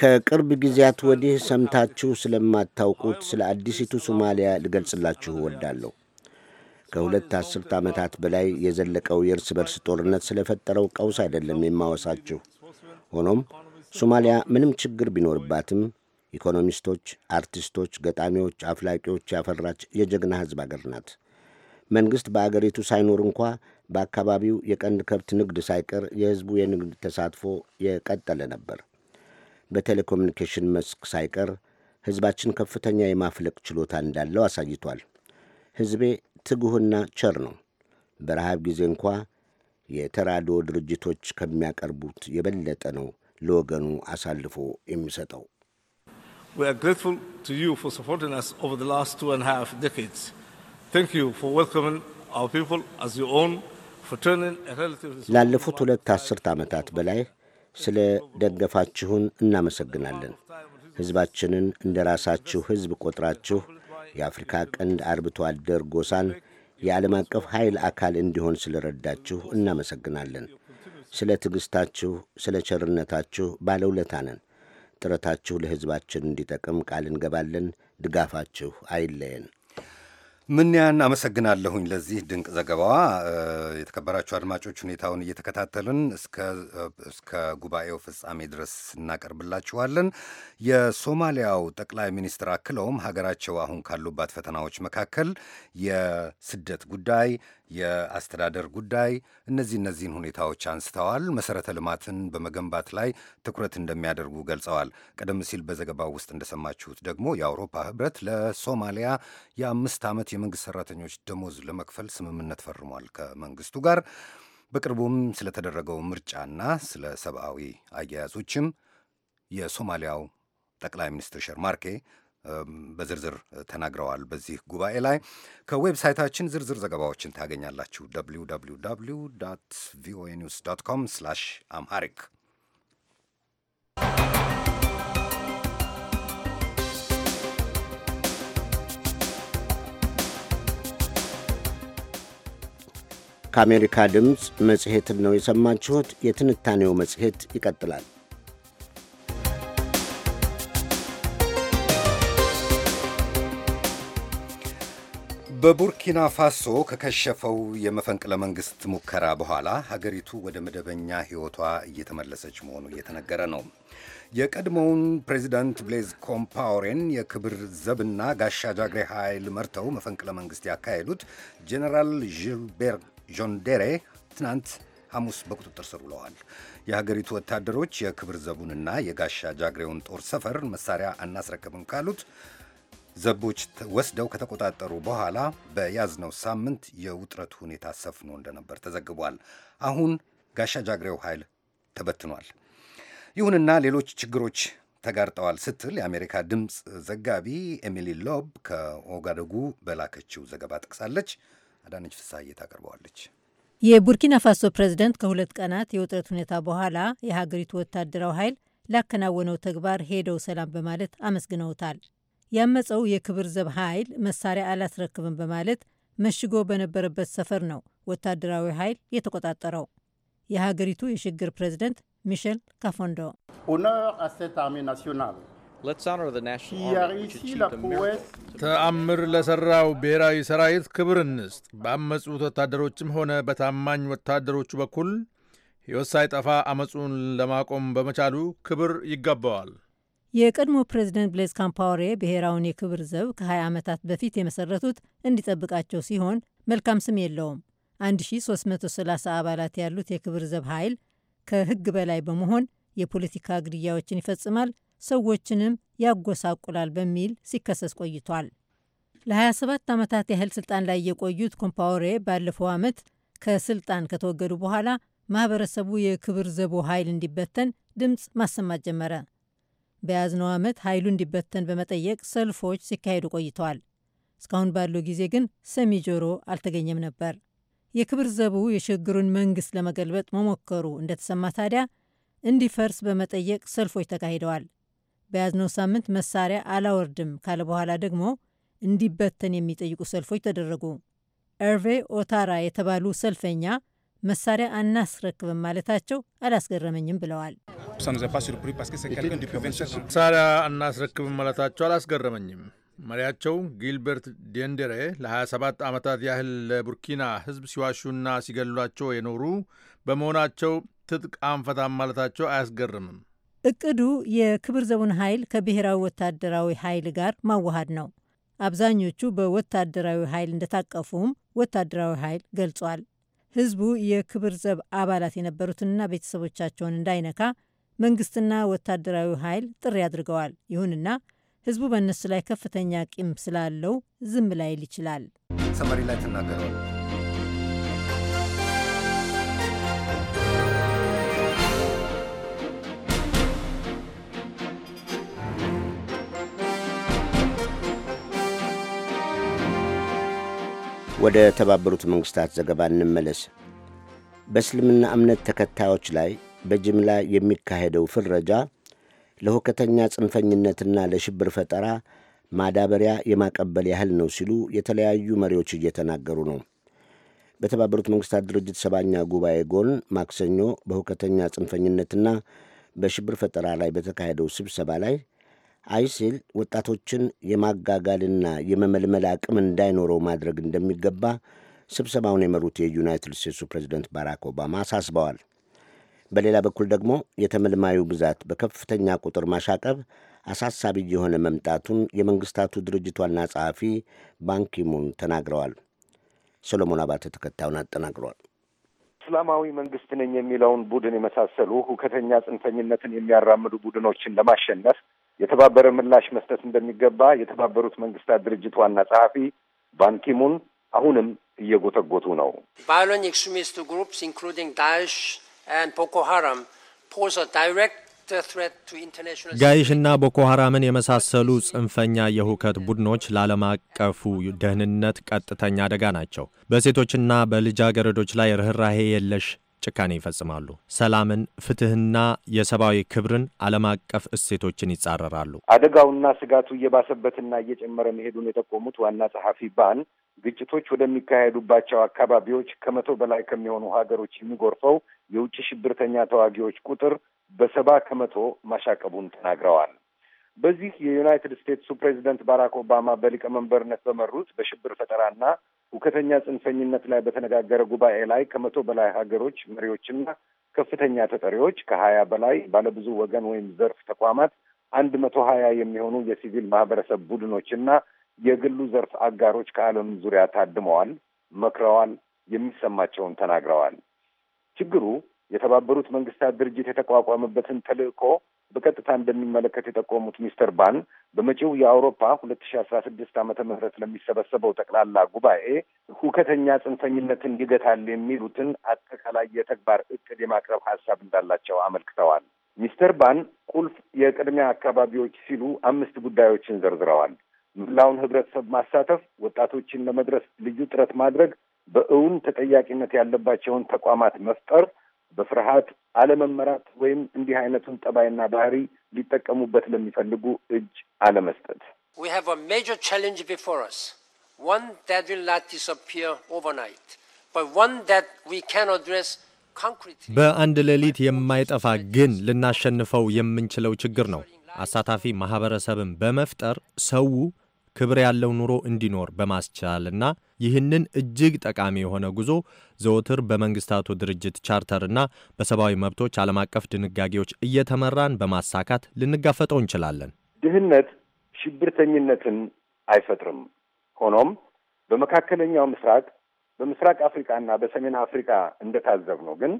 ከቅርብ ጊዜያት ወዲህ ሰምታችሁ ስለማታውቁት ስለ አዲሲቱ ሶማሊያ ልገልጽላችሁ እወዳለሁ። ከሁለት አስርት ዓመታት በላይ የዘለቀው የእርስ በርስ ጦርነት ስለፈጠረው ቀውስ አይደለም የማወሳችሁ። ሆኖም ሶማሊያ ምንም ችግር ቢኖርባትም ኢኮኖሚስቶች፣ አርቲስቶች፣ ገጣሚዎች፣ አፍላቂዎች ያፈራች የጀግና ሕዝብ አገር ናት። መንግሥት በአገሪቱ ሳይኖር እንኳ በአካባቢው የቀንድ ከብት ንግድ ሳይቀር የሕዝቡ የንግድ ተሳትፎ የቀጠለ ነበር። በቴሌኮሙኒኬሽን መስክ ሳይቀር ሕዝባችን ከፍተኛ የማፍለቅ ችሎታ እንዳለው አሳይቷል። ሕዝቤ ትጉህና ቸር ነው። በረሃብ ጊዜ እንኳ የተራድኦ ድርጅቶች ከሚያቀርቡት የበለጠ ነው ለወገኑ አሳልፎ የሚሰጠው። ላለፉት ሁለት አስርት ዓመታት በላይ ስለ ደገፋችሁን እናመሰግናለን። ሕዝባችንን እንደ ራሳችሁ ሕዝብ ቆጥራችሁ የአፍሪካ ቀንድ አርብቶ አደር ጎሳን የዓለም አቀፍ ኃይል አካል እንዲሆን ስለ ረዳችሁ እናመሰግናለን። ስለ ትዕግሥታችሁ፣ ስለ ቸርነታችሁ ባለውለታ ነን። ጥረታችሁ ለሕዝባችን እንዲጠቅም ቃል እንገባለን። ድጋፋችሁ አይለየን። ምንያን አመሰግናለሁኝ ለዚህ ድንቅ ዘገባዋ። የተከበራችሁ አድማጮች ሁኔታውን እየተከታተልን እስከ ጉባኤው ፍጻሜ ድረስ እናቀርብላችኋለን። የሶማሊያው ጠቅላይ ሚኒስትር አክለውም ሀገራቸው አሁን ካሉባት ፈተናዎች መካከል የስደት ጉዳይ የአስተዳደር ጉዳይ እነዚህ እነዚህን ሁኔታዎች አንስተዋል። መሰረተ ልማትን በመገንባት ላይ ትኩረት እንደሚያደርጉ ገልጸዋል። ቀደም ሲል በዘገባው ውስጥ እንደሰማችሁት ደግሞ የአውሮፓ ህብረት ለሶማሊያ የአምስት ዓመት የመንግስት ሰራተኞች ደሞዝ ለመክፈል ስምምነት ፈርሟል ከመንግስቱ ጋር። በቅርቡም ስለተደረገው ምርጫና ስለ ሰብአዊ አያያዞችም የሶማሊያው ጠቅላይ ሚኒስትር ሸርማርኬ በዝርዝር ተናግረዋል። በዚህ ጉባኤ ላይ ከዌብሳይታችን ዝርዝር ዘገባዎችን ታገኛላችሁ። www ቪኦኤ ኒውስ ዶት ኮም ስላሽ አምሃሪክ ከአሜሪካ ድምፅ መጽሔትን ነው የሰማችሁት። የትንታኔው መጽሔት ይቀጥላል። በቡርኪና ፋሶ ከከሸፈው የመፈንቅለ መንግስት ሙከራ በኋላ ሀገሪቱ ወደ መደበኛ ሕይወቷ እየተመለሰች መሆኑ እየተነገረ ነው። የቀድሞውን ፕሬዚዳንት ብሌዝ ኮምፓውሬን የክብር ዘብና ጋሻ ጃግሬ ኃይል መርተው መፈንቅለ መንግስት ያካሄዱት ጄኔራል ዥልቤር ጆንዴሬ ትናንት ሐሙስ በቁጥጥር ስር ውለዋል። የሀገሪቱ ወታደሮች የክብር ዘቡንና የጋሻ ጃግሬውን ጦር ሰፈር መሳሪያ አናስረክብም ካሉት ዘቦች ወስደው ከተቆጣጠሩ በኋላ በያዝነው ሳምንት የውጥረት ሁኔታ ሰፍኖ እንደነበር ተዘግቧል። አሁን ጋሻ ጃግሬው ኃይል ተበትኗል። ይሁንና ሌሎች ችግሮች ተጋርጠዋል ስትል የአሜሪካ ድምፅ ዘጋቢ ኤሚሊ ሎብ ከኦጋደጉ በላከችው ዘገባ ጠቅሳለች። አዳነች ፍሳዬ ታቀርበዋለች። የቡርኪና ፋሶ ፕሬዚደንት ከሁለት ቀናት የውጥረት ሁኔታ በኋላ የሀገሪቱ ወታደራዊ ኃይል ላከናወነው ተግባር ሄደው ሰላም በማለት አመስግነውታል። ያመፀው የክብር ዘብ ኃይል መሳሪያ አላስረክብም በማለት መሽጎ በነበረበት ሰፈር ነው ወታደራዊ ኃይል የተቆጣጠረው። የሀገሪቱ የሽግግር ፕሬዚደንት ሚሸል ካፎንዶ ተአምር ለሠራው ብሔራዊ ሰራዊት ክብር እንስጥ። በአመፁት ወታደሮችም ሆነ በታማኝ ወታደሮቹ በኩል ሕይወት ሳይጠፋ አመፁን ለማቆም በመቻሉ ክብር ይገባዋል። የቀድሞ ፕሬዚደንት ብሌዝ ካምፓወሬ ብሔራውን የክብር ዘብ ከ20 ዓመታት በፊት የመሰረቱት እንዲጠብቃቸው ሲሆን መልካም ስም የለውም። 1330 አባላት ያሉት የክብር ዘብ ኃይል ከህግ በላይ በመሆን የፖለቲካ ግድያዎችን ይፈጽማል፣ ሰዎችንም ያጎሳቁላል በሚል ሲከሰስ ቆይቷል። ለ27 ዓመታት ያህል ስልጣን ላይ የቆዩት ኮምፓወሬ ባለፈው ዓመት ከስልጣን ከተወገዱ በኋላ ማህበረሰቡ የክብር ዘቡ ኃይል እንዲበተን ድምፅ ማሰማት ጀመረ። በያዝነው ዓመት ኃይሉ እንዲበተን በመጠየቅ ሰልፎች ሲካሄዱ ቆይተዋል። እስካሁን ባለው ጊዜ ግን ሰሚ ጆሮ አልተገኘም ነበር። የክብር ዘቡ የሽግግሩን መንግስት ለመገልበጥ መሞከሩ እንደተሰማ ታዲያ እንዲፈርስ በመጠየቅ ሰልፎች ተካሂደዋል። በያዝነው ሳምንት መሳሪያ አላወርድም ካለ በኋላ ደግሞ እንዲበተን የሚጠይቁ ሰልፎች ተደረጉ። ኤርቬ ኦታራ የተባሉ ሰልፈኛ መሳሪያ አናስረክብም ማለታቸው አላስገረመኝም ብለዋል። መሳሪያ አናስረክብም ማለታቸው አላስገረመኝም። መሪያቸው ጊልበርት ዴንደሬ ለ27 ዓመታት ያህል ለቡርኪና ሕዝብ ሲዋሹና ሲገሏቸው የኖሩ በመሆናቸው ትጥቅ አንፈታም ማለታቸው አያስገርምም። እቅዱ የክብር ዘቡን ኃይል ከብሔራዊ ወታደራዊ ኃይል ጋር ማዋሃድ ነው። አብዛኞቹ በወታደራዊ ኃይል እንደታቀፉም ወታደራዊ ኃይል ገልጿል። ህዝቡ የክብር ዘብ አባላት የነበሩትንና ቤተሰቦቻቸውን እንዳይነካ መንግስትና ወታደራዊ ኃይል ጥሪ አድርገዋል። ይሁንና ህዝቡ በእነሱ ላይ ከፍተኛ ቂም ስላለው ዝም ላይል ይችላል። ሰመሪ ላይ ትናገረዋል። ወደ ተባበሩት መንግሥታት ዘገባ እንመለስ። በእስልምና እምነት ተከታዮች ላይ በጅምላ የሚካሄደው ፍረጃ ለሁከተኛ ጽንፈኝነትና ለሽብር ፈጠራ ማዳበሪያ የማቀበል ያህል ነው ሲሉ የተለያዩ መሪዎች እየተናገሩ ነው። በተባበሩት መንግሥታት ድርጅት ሰባኛ ጉባኤ ጎን ማክሰኞ በሁከተኛ ጽንፈኝነትና በሽብር ፈጠራ ላይ በተካሄደው ስብሰባ ላይ አይሲል ወጣቶችን የማጋጋልና የመመልመል አቅም እንዳይኖረው ማድረግ እንደሚገባ ስብሰባውን የመሩት የዩናይትድ ስቴትሱ ፕሬዚደንት ባራክ ኦባማ አሳስበዋል። በሌላ በኩል ደግሞ የተመልማዩ ብዛት በከፍተኛ ቁጥር ማሻቀብ አሳሳቢ የሆነ መምጣቱን የመንግስታቱ ድርጅት ዋና ጸሐፊ ባንኪሙን ተናግረዋል። ሰሎሞን አባተ ተከታዩን አጠናቅሯል። እስላማዊ መንግስት ነኝ የሚለውን ቡድን የመሳሰሉ ሁከተኛ ጽንፈኝነትን የሚያራምዱ ቡድኖችን ለማሸነፍ የተባበረ ምላሽ መስጠት እንደሚገባ የተባበሩት መንግስታት ድርጅት ዋና ጸሐፊ ባንኪሙን አሁንም እየጎተጎቱ ነው። ቫዮለንት ኤክስትሪሚስት ግሩፕስ ኢንክሉዲንግ ዳሽ ኤንድ ቦኮ ሃራም ፖዝ ኤ ዳይሬክት ጋይሽና ቦኮ ሐራምን የመሳሰሉ ጽንፈኛ የሁከት ቡድኖች ለዓለም አቀፉ ደህንነት ቀጥተኛ አደጋ ናቸው። በሴቶችና በልጃገረዶች ላይ ርኅራሄ የለሽ ጭካኔ ይፈጽማሉ። ሰላምን፣ ፍትህና የሰብአዊ ክብርን፣ ዓለም አቀፍ እሴቶችን ይጻረራሉ። አደጋውና ስጋቱ እየባሰበትና እየጨመረ መሄዱን የጠቆሙት ዋና ጸሐፊ ባን ግጭቶች ወደሚካሄዱባቸው አካባቢዎች ከመቶ በላይ ከሚሆኑ ሀገሮች የሚጎርፈው የውጭ ሽብርተኛ ተዋጊዎች ቁጥር በሰባ ከመቶ ማሻቀቡን ተናግረዋል። በዚህ የዩናይትድ ስቴትሱ ፕሬዚደንት ባራክ ኦባማ በሊቀመንበርነት በመሩት በሽብር ፈጠራና ውከተኛ ጽንፈኝነት ላይ በተነጋገረ ጉባኤ ላይ ከመቶ በላይ ሀገሮች መሪዎችና ከፍተኛ ተጠሪዎች ከሀያ በላይ ባለብዙ ወገን ወይም ዘርፍ ተቋማት አንድ መቶ ሀያ የሚሆኑ የሲቪል ማህበረሰብ ቡድኖችና የግሉ ዘርፍ አጋሮች ከዓለም ዙሪያ ታድመዋል፣ መክረዋል፣ የሚሰማቸውን ተናግረዋል። ችግሩ የተባበሩት መንግስታት ድርጅት የተቋቋመበትን ተልዕኮ በቀጥታ እንደሚመለከት የጠቆሙት ሚስተር ባን በመጪው የአውሮፓ ሁለት ሺ አስራ ስድስት ዓመተ ምህረት ለሚሰበሰበው ጠቅላላ ጉባኤ ሁከተኛ ጽንፈኝነትን ይገታል የሚሉትን አጠቃላይ የተግባር እቅድ የማቅረብ ሀሳብ እንዳላቸው አመልክተዋል። ሚስተር ባን ቁልፍ የቅድሚያ አካባቢዎች ሲሉ አምስት ጉዳዮችን ዘርዝረዋል። ምላውን ህብረተሰብ ማሳተፍ፣ ወጣቶችን ለመድረስ ልዩ ጥረት ማድረግ፣ በእውን ተጠያቂነት ያለባቸውን ተቋማት መፍጠር በፍርሃት አለመመራት ወይም እንዲህ አይነቱን ጠባይና ባህሪ ሊጠቀሙበት ለሚፈልጉ እጅ አለመስጠት። በአንድ ሌሊት የማይጠፋ ግን ልናሸንፈው የምንችለው ችግር ነው። አሳታፊ ማህበረሰብን በመፍጠር ሰው ክብር ያለው ኑሮ እንዲኖር በማስቻልና ይህንን እጅግ ጠቃሚ የሆነ ጉዞ ዘወትር በመንግስታቱ ድርጅት ቻርተርና በሰብአዊ መብቶች ዓለም አቀፍ ድንጋጌዎች እየተመራን በማሳካት ልንጋፈጠው እንችላለን። ድህነት ሽብርተኝነትን አይፈጥርም። ሆኖም በመካከለኛው ምስራቅ፣ በምስራቅ አፍሪካና በሰሜን አፍሪካ እንደታዘብ ነው ግን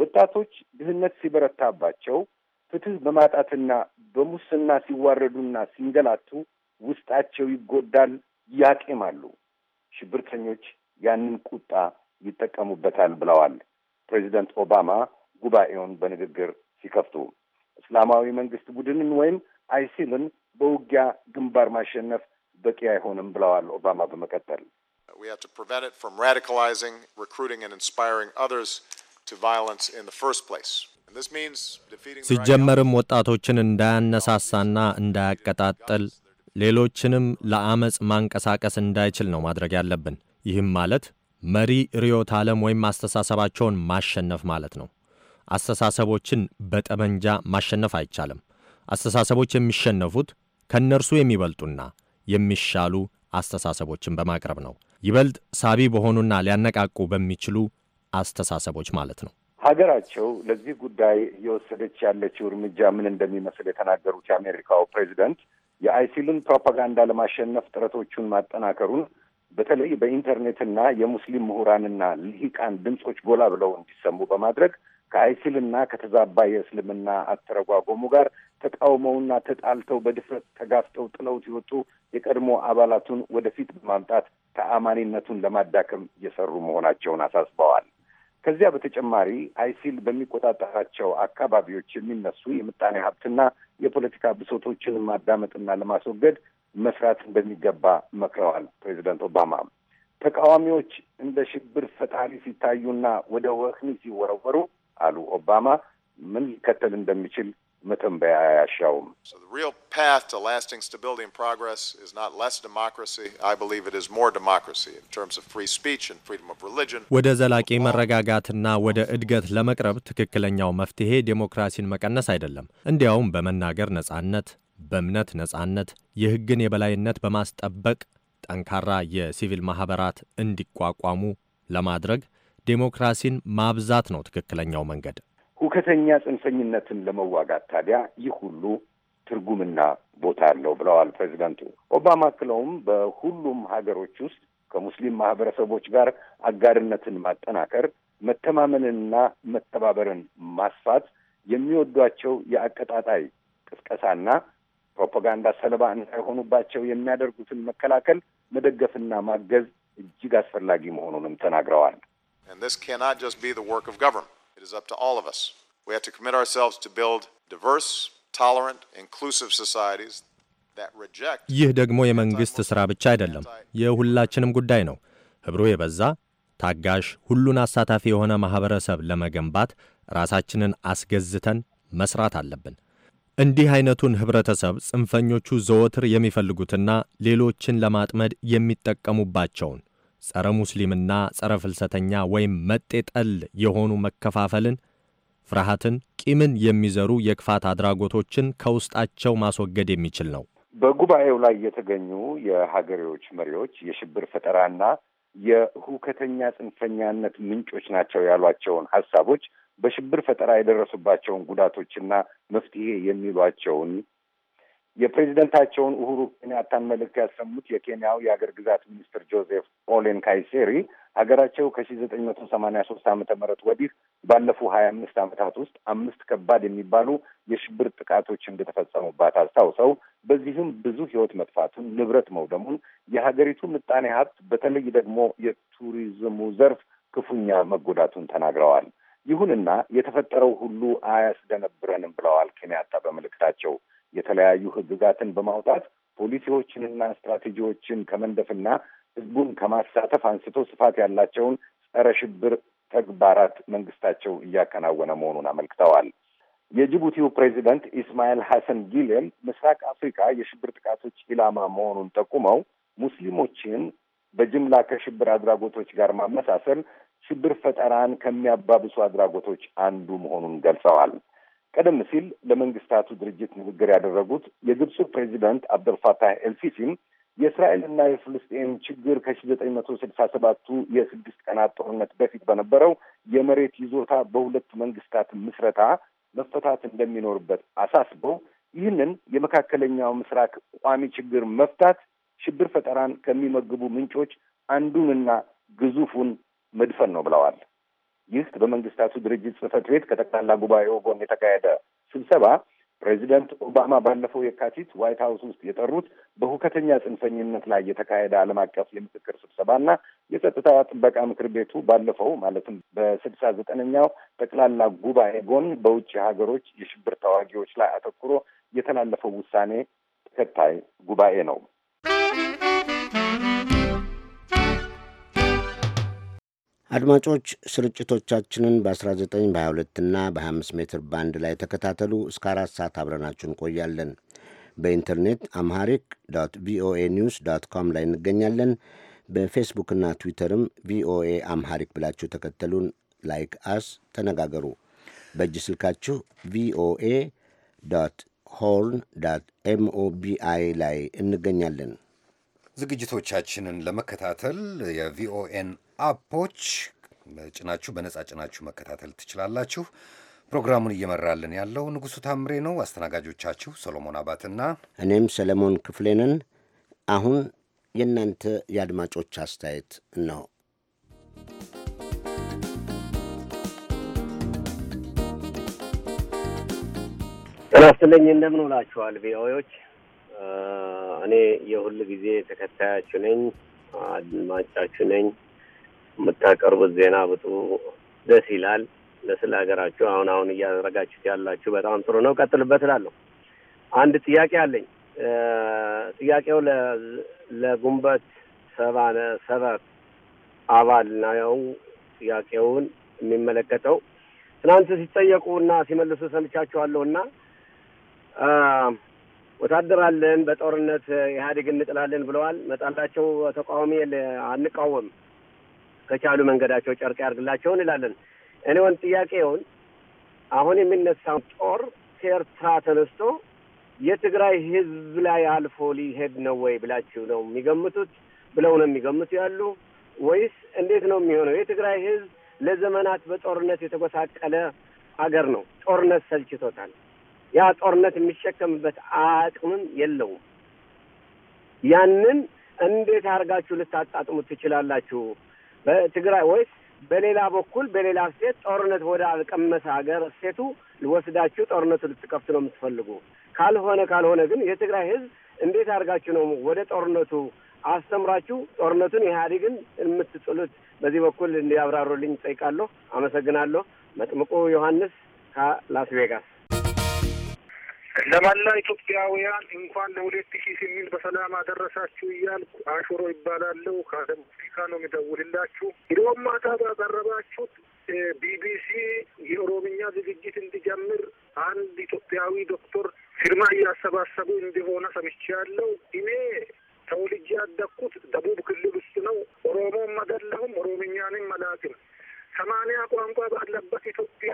ወጣቶች ድህነት ሲበረታባቸው ፍትህ በማጣትና በሙስና ሲዋረዱና ሲንገላቱ ውስጣቸው ይጎዳል፣ ያቄማሉ። ሽብርተኞች ያንን ቁጣ ይጠቀሙበታል ብለዋል ፕሬዚደንት ኦባማ ጉባኤውን በንግግር ሲከፍቱ። እስላማዊ መንግስት ቡድንን ወይም አይሲልን በውጊያ ግንባር ማሸነፍ በቂ አይሆንም ብለዋል ኦባማ በመቀጠል ሲጀመርም ወጣቶችን እንዳያነሳሳና እንዳያቀጣጥል ሌሎችንም ለአመፅ ማንቀሳቀስ እንዳይችል ነው ማድረግ ያለብን። ይህም ማለት መሪ ርዕዮተ ዓለም ወይም አስተሳሰባቸውን ማሸነፍ ማለት ነው። አስተሳሰቦችን በጠመንጃ ማሸነፍ አይቻልም። አስተሳሰቦች የሚሸነፉት ከእነርሱ የሚበልጡና የሚሻሉ አስተሳሰቦችን በማቅረብ ነው። ይበልጥ ሳቢ በሆኑና ሊያነቃቁ በሚችሉ አስተሳሰቦች ማለት ነው። ሀገራቸው ለዚህ ጉዳይ እየወሰደች ያለችው እርምጃ ምን እንደሚመስል የተናገሩት የአሜሪካው ፕሬዚደንት የአይሲልን ፕሮፓጋንዳ ለማሸነፍ ጥረቶቹን ማጠናከሩን በተለይ በኢንተርኔትና የሙስሊም ምሁራንና ልሂቃን ድምፆች ጎላ ብለው እንዲሰሙ በማድረግ ከአይሲልና ከተዛባ የእስልምና አተረጓጎሙ ጋር ተቃውመውና ተጣልተው በድፍረት ተጋፍጠው ጥለውት የወጡ የቀድሞ አባላቱን ወደፊት በማምጣት ተአማኒነቱን ለማዳከም እየሰሩ መሆናቸውን አሳስበዋል። ከዚያ በተጨማሪ አይሲል በሚቆጣጠራቸው አካባቢዎች የሚነሱ የምጣኔ ሀብትና የፖለቲካ ብሶቶችን ማዳመጥና ለማስወገድ መስራት እንደሚገባ መክረዋል ፕሬዚደንት ኦባማ። ተቃዋሚዎች እንደ ሽብር ፈጣሪ ሲታዩና ወደ ወህኒ ሲወረወሩ አሉ ኦባማ ምን ሊከተል እንደሚችል መተንበያ አያሻውም። ወደ ዘላቂ መረጋጋትና ወደ እድገት ለመቅረብ ትክክለኛው መፍትሄ ዴሞክራሲን መቀነስ አይደለም። እንዲያውም በመናገር ነጻነት፣ በእምነት ነጻነት፣ የሕግን የበላይነት በማስጠበቅ ጠንካራ የሲቪል ማኅበራት እንዲቋቋሙ ለማድረግ ዴሞክራሲን ማብዛት ነው ትክክለኛው መንገድ። ሁከተኛ ጽንፈኝነትን ለመዋጋት ታዲያ ይህ ሁሉ ትርጉምና ቦታ አለው ብለዋል ፕሬዚዳንቱ። ኦባማ አክለውም በሁሉም ሀገሮች ውስጥ ከሙስሊም ማህበረሰቦች ጋር አጋርነትን ማጠናከር፣ መተማመንንና መተባበርን ማስፋት፣ የሚወዷቸው የአቀጣጣይ ቅስቀሳና ፕሮፓጋንዳ ሰለባ እንዳይሆኑባቸው የሚያደርጉትን መከላከል መደገፍና ማገዝ እጅግ አስፈላጊ መሆኑንም ተናግረዋል። And this cannot just be the work of government. is up to all of us. We have to commit ourselves to build diverse, tolerant, inclusive societies that reject ይህ ደግሞ የመንግስት ስራ ብቻ አይደለም፣ የሁላችንም ጉዳይ ነው። ህብሮ የበዛ ታጋሽ፣ ሁሉን አሳታፊ የሆነ ማህበረሰብ ለመገንባት ራሳችንን አስገዝተን መስራት አለብን። እንዲህ አይነቱን ህብረተሰብ ጽንፈኞቹ ዘወትር የሚፈልጉትና ሌሎችን ለማጥመድ የሚጠቀሙባቸውን ጸረ ሙስሊምና ጸረ ፍልሰተኛ ወይም መጤ ጠል የሆኑ መከፋፈልን፣ ፍርሃትን፣ ቂምን የሚዘሩ የክፋት አድራጎቶችን ከውስጣቸው ማስወገድ የሚችል ነው። በጉባኤው ላይ የተገኙ የሀገሬዎች መሪዎች የሽብር ፈጠራና የሁከተኛ ጽንፈኛነት ምንጮች ናቸው ያሏቸውን ሀሳቦች፣ በሽብር ፈጠራ የደረሱባቸውን ጉዳቶችና መፍትሄ የሚሏቸውን የፕሬዚደንታቸውን ኡሁሩ ኬንያታን መልእክት ያሰሙት የኬንያው የሀገር ግዛት ሚኒስትር ጆዜፍ ኦሌን ካይሴሪ ሀገራቸው ከሺ ዘጠኝ መቶ ሰማኒያ ሶስት ዓመተ ምህረት ወዲህ ባለፉ ሀያ አምስት ዓመታት ውስጥ አምስት ከባድ የሚባሉ የሽብር ጥቃቶች እንደተፈጸሙባት አስታውሰው በዚህም ብዙ ሕይወት መጥፋቱን፣ ንብረት መውደሙን፣ የሀገሪቱ ምጣኔ ሀብት በተለይ ደግሞ የቱሪዝሙ ዘርፍ ክፉኛ መጎዳቱን ተናግረዋል። ይሁንና የተፈጠረው ሁሉ አያስደነብረንም ብለዋል ኬንያታ በመልእክታቸው የተለያዩ ህግጋትን በማውጣት ፖሊሲዎችንና ስትራቴጂዎችን ከመንደፍና ህዝቡን ከማሳተፍ አንስቶ ስፋት ያላቸውን ጸረ ሽብር ተግባራት መንግስታቸው እያከናወነ መሆኑን አመልክተዋል። የጅቡቲው ፕሬዚደንት ኢስማኤል ሐሰን ጊሌም ምስራቅ አፍሪካ የሽብር ጥቃቶች ኢላማ መሆኑን ጠቁመው ሙስሊሞችን በጅምላ ከሽብር አድራጎቶች ጋር ማመሳሰል ሽብር ፈጠራን ከሚያባብሱ አድራጎቶች አንዱ መሆኑን ገልጸዋል። ቀደም ሲል ለመንግስታቱ ድርጅት ንግግር ያደረጉት የግብፁ ፕሬዚዳንት አብደልፋታህ ኤልሲሲም የእስራኤልና የፍልስጤም ችግር ከሺ ዘጠኝ መቶ ስልሳ ሰባቱ የስድስት ቀናት ጦርነት በፊት በነበረው የመሬት ይዞታ በሁለቱ መንግስታት ምስረታ መፈታት እንደሚኖርበት አሳስበው ይህንን የመካከለኛው ምስራቅ ቋሚ ችግር መፍታት ሽብር ፈጠራን ከሚመግቡ ምንጮች አንዱንና ግዙፉን መድፈን ነው ብለዋል። ይህ በመንግስታቱ ድርጅት ጽህፈት ቤት ከጠቅላላ ጉባኤው ጎን የተካሄደ ስብሰባ ፕሬዚደንት ኦባማ ባለፈው የካቲት ዋይት ሀውስ ውስጥ የጠሩት በሁከተኛ ጽንፈኝነት ላይ የተካሄደ ዓለም አቀፍ የምክክር ስብሰባና የጸጥታ ጥበቃ ምክር ቤቱ ባለፈው ማለትም በስድሳ ዘጠነኛው ጠቅላላ ጉባኤ ጎን በውጭ ሀገሮች የሽብር ተዋጊዎች ላይ አተኩሮ የተላለፈው ውሳኔ ተከታይ ጉባኤ ነው። አድማጮች ስርጭቶቻችንን በ19 በ22 እና በ25 ሜትር ባንድ ላይ ተከታተሉ። እስከ አራት ሰዓት አብረናችሁ እንቆያለን። በኢንተርኔት አምሃሪክ ዶት ቪኦኤ ኒውስ ዶት ኮም ላይ እንገኛለን። በፌስቡክና ትዊተርም ቪኦኤ አምሃሪክ ብላችሁ ተከተሉን። ላይክ አስ፣ ተነጋገሩ። በእጅ ስልካችሁ ቪኦኤ ዶት ሆርን ዶት ኤምኦቢአይ ላይ እንገኛለን። ዝግጅቶቻችንን ለመከታተል የቪኦኤን አፖች ጭናችሁ በነጻ ጭናችሁ መከታተል ትችላላችሁ። ፕሮግራሙን እየመራልን ያለው ንጉሡ ታምሬ ነው። አስተናጋጆቻችሁ ሰሎሞን አባትና እኔም ሰለሞን ክፍሌንን። አሁን የእናንተ የአድማጮች አስተያየት ነው። ጤና ይስጥልኝ። እንደምን ውላችኋል ቪኦኤዎች? እኔ የሁል ጊዜ ተከታያችሁ ነኝ፣ አድማጫችሁ ነኝ። የምታቀርቡት ዜና ብጡ ደስ ይላል። ለስለ ሀገራችሁ አሁን አሁን እያደረጋችሁት ያላችሁ በጣም ጥሩ ነው፣ ቀጥልበት እላለሁ። አንድ ጥያቄ አለኝ። ጥያቄው ለጉንበት ሰባ ሰበብ አባል ነው። ጥያቄውን የሚመለከተው ትናንት ሲጠየቁ እና ሲመልሱ ሰምቻችኋለሁ እና ወታደር አለን፣ በጦርነት ኢህአዴግ እንጥላለን ብለዋል። መጣላቸው ተቃዋሚ አንቃወም። ከቻሉ መንገዳቸው ጨርቅ ያርግላቸው እንላለን። እኔውን ጥያቄውን አሁን የሚነሳው ጦር ከኤርትራ ተነስቶ የትግራይ ህዝብ ላይ አልፎ ሊሄድ ነው ወይ ብላችሁ ነው የሚገምቱት? ብለው ነው የሚገምቱ ያሉ ወይስ እንዴት ነው የሚሆነው? የትግራይ ህዝብ ለዘመናት በጦርነት የተጎሳቀለ አገር ነው። ጦርነት ሰልችቶታል። ያ ጦርነት የሚሸከምበት አቅምም የለውም። ያንን እንዴት አድርጋችሁ ልታጣጥሙት ትችላላችሁ? በትግራይ ወይስ በሌላ በኩል በሌላ እሴት ጦርነት ወደ አልቀመሰ ሀገር እሴቱ ወስዳችሁ ጦርነቱ ልትከፍት ነው የምትፈልጉ? ካልሆነ ካልሆነ ግን የትግራይ ህዝብ እንዴት አድርጋችሁ ነው ወደ ጦርነቱ አስተምራችሁ ጦርነቱን ኢህአዴግን የምትጥሉት? በዚህ በኩል እንዲያብራሩልኝ ጠይቃለሁ። አመሰግናለሁ። መጥምቁ ዮሐንስ ከላስ ቬጋስ ለመላ ኢትዮጵያውያን እንኳን ለሁለት ሺ ስምንት በሰላም አደረሳችሁ እያልኩ አሽሮ ይባላለሁ። ከደቡብ አፍሪካ ነው የሚደውልላችሁ። እንዲሁም ማታ ባቀረባችሁት ቢቢሲ የኦሮምኛ ዝግጅት እንዲጀምር አንድ ኢትዮጵያዊ ዶክተር ፊርማ እያሰባሰቡ እንደሆነ ሰምቻለሁ። እኔ ተወልጄ ያደግኩት ደቡብ ክልል ውስጥ ነው። ኦሮሞም አይደለሁም፣ ኦሮምኛንም አላውቅም። ሰማንያ ቋንቋ ባለበት ኢትዮጵያ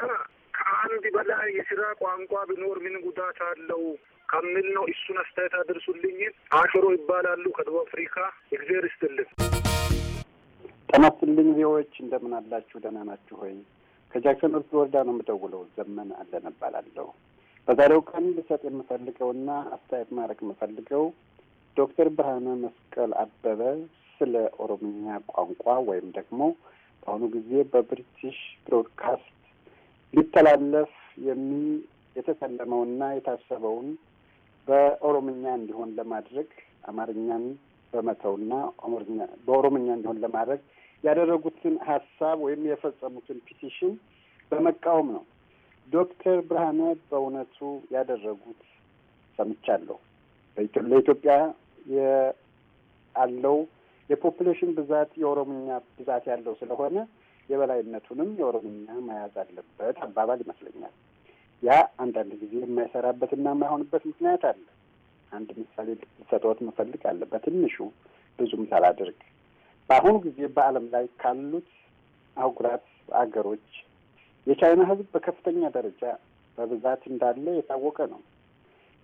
ከአንድ በላይ የስራ ቋንቋ ቢኖር ምን ጉዳት አለው ከሚል ነው። እሱን አስተያየት አድርሱልኝ። አሽሮ ይባላሉ ከደቡብ አፍሪካ። እግዜር ይስጥልን። ጤና ይስጥልኝ። እንደምን አላችሁ? ደህና ናችሁ ሆይ? ከጃክሰን እርስ ወረዳ ነው የምደውለው። ዘመን አለን እባላለሁ። በዛሬው ቀን ልሰጥ የምፈልገውና አስተያየት ማድረግ የምፈልገው ዶክተር ብርሃነ መስቀል አበበ ስለ ኦሮምኛ ቋንቋ ወይም ደግሞ በአሁኑ ጊዜ በብሪቲሽ ብሮድካስት ሊተላለፍ የሚ የተሰለመውና የታሰበውን በኦሮምኛ እንዲሆን ለማድረግ አማርኛን በመተውና በኦሮምኛ እንዲሆን ለማድረግ ያደረጉትን ሀሳብ ወይም የፈጸሙትን ፒቲሽን በመቃወም ነው። ዶክተር ብርሃነ በእውነቱ ያደረጉት ሰምቻለሁ። ለኢትዮጵያ ያለው የፖፕሌሽን ብዛት የኦሮምኛ ብዛት ያለው ስለሆነ የበላይነቱንም የኦሮምኛ መያዝ አለበት አባባል ይመስለኛል። ያ አንዳንድ ጊዜ የማይሰራበትና የማይሆንበት ምክንያት አለ። አንድ ምሳሌ ልሰጠዎት መፈልግ አለ። በትንሹ ብዙም ሳላደርግ በአሁኑ ጊዜ በዓለም ላይ ካሉት አህጉራት አገሮች የቻይና ሕዝብ በከፍተኛ ደረጃ በብዛት እንዳለ የታወቀ ነው።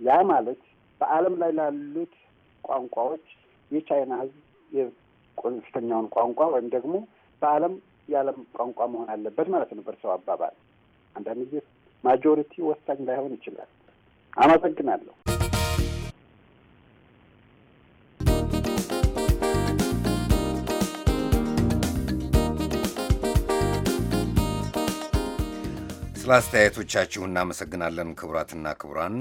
ያ ማለት በዓለም ላይ ላሉት ቋንቋዎች የቻይና ሕዝብ የቁልፍተኛውን ቋንቋ ወይም ደግሞ በዓለም የዓለም ቋንቋ መሆን አለበት ማለት ነው። በእርሰው አባባል አንዳንድ ጊዜ ማጆሪቲ ወሳኝ ላይሆን ይችላል። አመሰግናለሁ። ስለ አስተያየቶቻችሁ እናመሰግናለን። ክቡራትና ክቡራን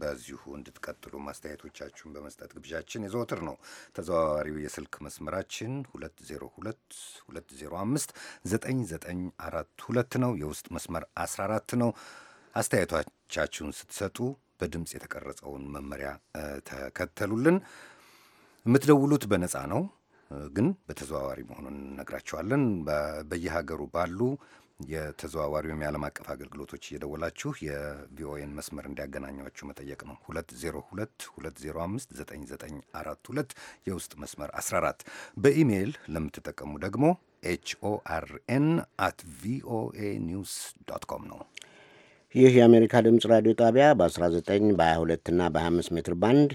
በዚሁ እንድትቀጥሉ ማስተያየቶቻችሁን በመስጠት ግብዣችን የዘወትር ነው። ተዘዋዋሪው የስልክ መስመራችን 2022059942 ነው። የውስጥ መስመር 14 ነው። አስተያየቶቻችሁን ስትሰጡ በድምፅ የተቀረጸውን መመሪያ ተከተሉልን። የምትደውሉት በነፃ ነው፣ ግን በተዘዋዋሪ መሆኑን እነግራቸዋለን በየሀገሩ ባሉ የተዘዋዋሪውም የዓለም አቀፍ አገልግሎቶች እየደወላችሁ የቪኦኤን መስመር እንዲያገናኟችሁ መጠየቅ ነው። 2022059942 የውስጥ መስመር 14። በኢሜይል ለምትጠቀሙ ደግሞ ኤችኦአርኤን አት ቪኦኤ ኒውስ ዶት ኮም ነው። ይህ የአሜሪካ ድምፅ ራዲዮ ጣቢያ በ19 በ22 እና በ25 ሜትር ባንድ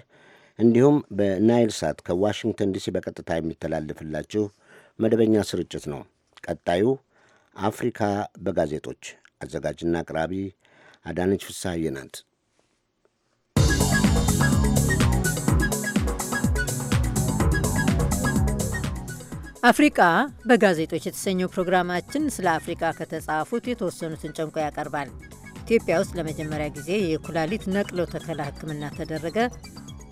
እንዲሁም በናይል ሳት ከዋሽንግተን ዲሲ በቀጥታ የሚተላለፍላችሁ መደበኛ ስርጭት ነው። ቀጣዩ አፍሪካ በጋዜጦች አዘጋጅና አቅራቢ አዳነች ፍስሐዬ ናት። አፍሪቃ በጋዜጦች የተሰኘው ፕሮግራማችን ስለ አፍሪካ ከተጻፉት የተወሰኑትን ጨምቆ ያቀርባል። ኢትዮጵያ ውስጥ ለመጀመሪያ ጊዜ የኩላሊት ነቅሎ ተከላ ሕክምና ተደረገ።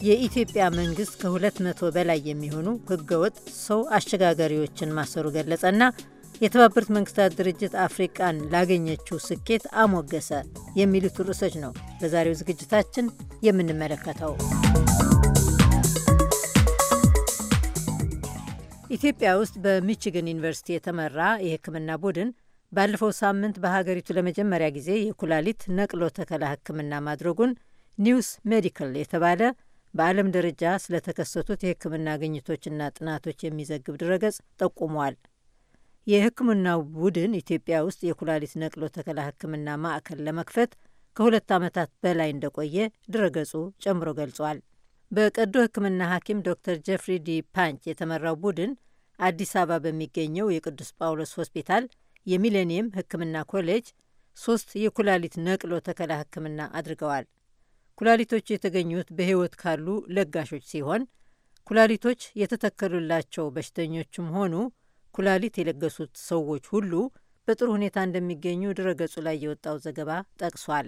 የኢትዮጵያ መንግሥት ከሁለት መቶ በላይ የሚሆኑ ሕገወጥ ሰው አሸጋጋሪዎችን ማሰሩ ገለጸና የተባበሩት መንግስታት ድርጅት አፍሪቃን ላገኘችው ስኬት አሞገሰ የሚሉት ርዕሶች ነው በዛሬው ዝግጅታችን የምንመለከተው። ኢትዮጵያ ውስጥ በሚችግን ዩኒቨርሲቲ የተመራ የሕክምና ቡድን ባለፈው ሳምንት በሀገሪቱ ለመጀመሪያ ጊዜ የኩላሊት ነቅሎ ተከላ ሕክምና ማድረጉን ኒውስ ሜዲካል የተባለ በዓለም ደረጃ ስለተከሰቱት የሕክምና ግኝቶችና ጥናቶች የሚዘግብ ድረገጽ ጠቁመዋል። የሕክምናው ቡድን ኢትዮጵያ ውስጥ የኩላሊት ነቅሎ ተከላ ሕክምና ማዕከል ለመክፈት ከሁለት ዓመታት በላይ እንደቆየ ድረገጹ ጨምሮ ገልጿል። በቀዶ ሕክምና ሐኪም ዶክተር ጀፍሪ ዲ ፓንች የተመራው ቡድን አዲስ አበባ በሚገኘው የቅዱስ ጳውሎስ ሆስፒታል የሚሌኒየም ሕክምና ኮሌጅ ሶስት የኩላሊት ነቅሎ ተከላ ሕክምና አድርገዋል። ኩላሊቶቹ የተገኙት በሕይወት ካሉ ለጋሾች ሲሆን ኩላሊቶች የተተከሉላቸው በሽተኞችም ሆኑ ኩላሊት የለገሱት ሰዎች ሁሉ በጥሩ ሁኔታ እንደሚገኙ ድረገጹ ላይ የወጣው ዘገባ ጠቅሷል።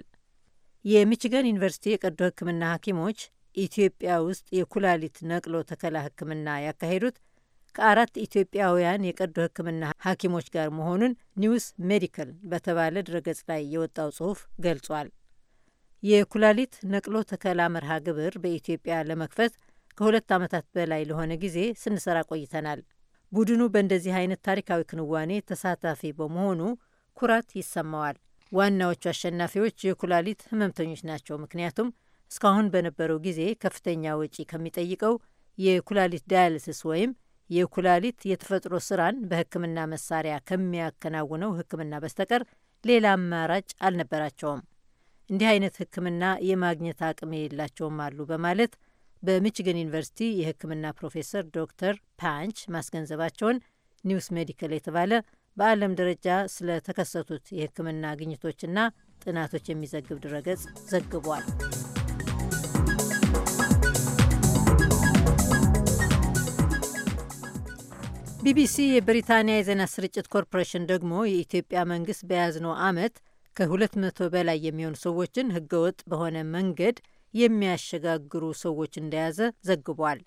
የሚችገን ዩኒቨርሲቲ የቀዶ ሕክምና ሐኪሞች ኢትዮጵያ ውስጥ የኩላሊት ነቅሎ ተከላ ሕክምና ያካሄዱት ከአራት ኢትዮጵያውያን የቀዶ ሕክምና ሐኪሞች ጋር መሆኑን ኒውስ ሜዲካል በተባለ ድረገጽ ላይ የወጣው ጽሑፍ ገልጿል። የኩላሊት ነቅሎ ተከላ መርሃ ግብር በኢትዮጵያ ለመክፈት ከሁለት ዓመታት በላይ ለሆነ ጊዜ ስንሰራ ቆይተናል። ቡድኑ በእንደዚህ አይነት ታሪካዊ ክንዋኔ ተሳታፊ በመሆኑ ኩራት ይሰማዋል። ዋናዎቹ አሸናፊዎች የኩላሊት ህመምተኞች ናቸው። ምክንያቱም እስካሁን በነበረው ጊዜ ከፍተኛ ወጪ ከሚጠይቀው የኩላሊት ዳያልስስ ወይም የኩላሊት የተፈጥሮ ስራን በህክምና መሳሪያ ከሚያከናውነው ህክምና በስተቀር ሌላ አማራጭ አልነበራቸውም። እንዲህ አይነት ህክምና የማግኘት አቅም የላቸውም አሉ በማለት በሚችገን ዩኒቨርሲቲ የሕክምና ፕሮፌሰር ዶክተር ፓንች ማስገንዘባቸውን ኒውስ ሜዲካል የተባለ በዓለም ደረጃ ስለተከሰቱት የሕክምና ግኝቶችና ጥናቶች የሚዘግብ ድረገጽ ዘግቧል። ቢቢሲ የብሪታንያ የዜና ስርጭት ኮርፖሬሽን ደግሞ የኢትዮጵያ መንግስት በያዝነው ዓመት ከ200 በላይ የሚሆኑ ሰዎችን ህገወጥ በሆነ መንገድ የሚያሸጋግሩ ሰዎች እንደያዘ ዘግቧል።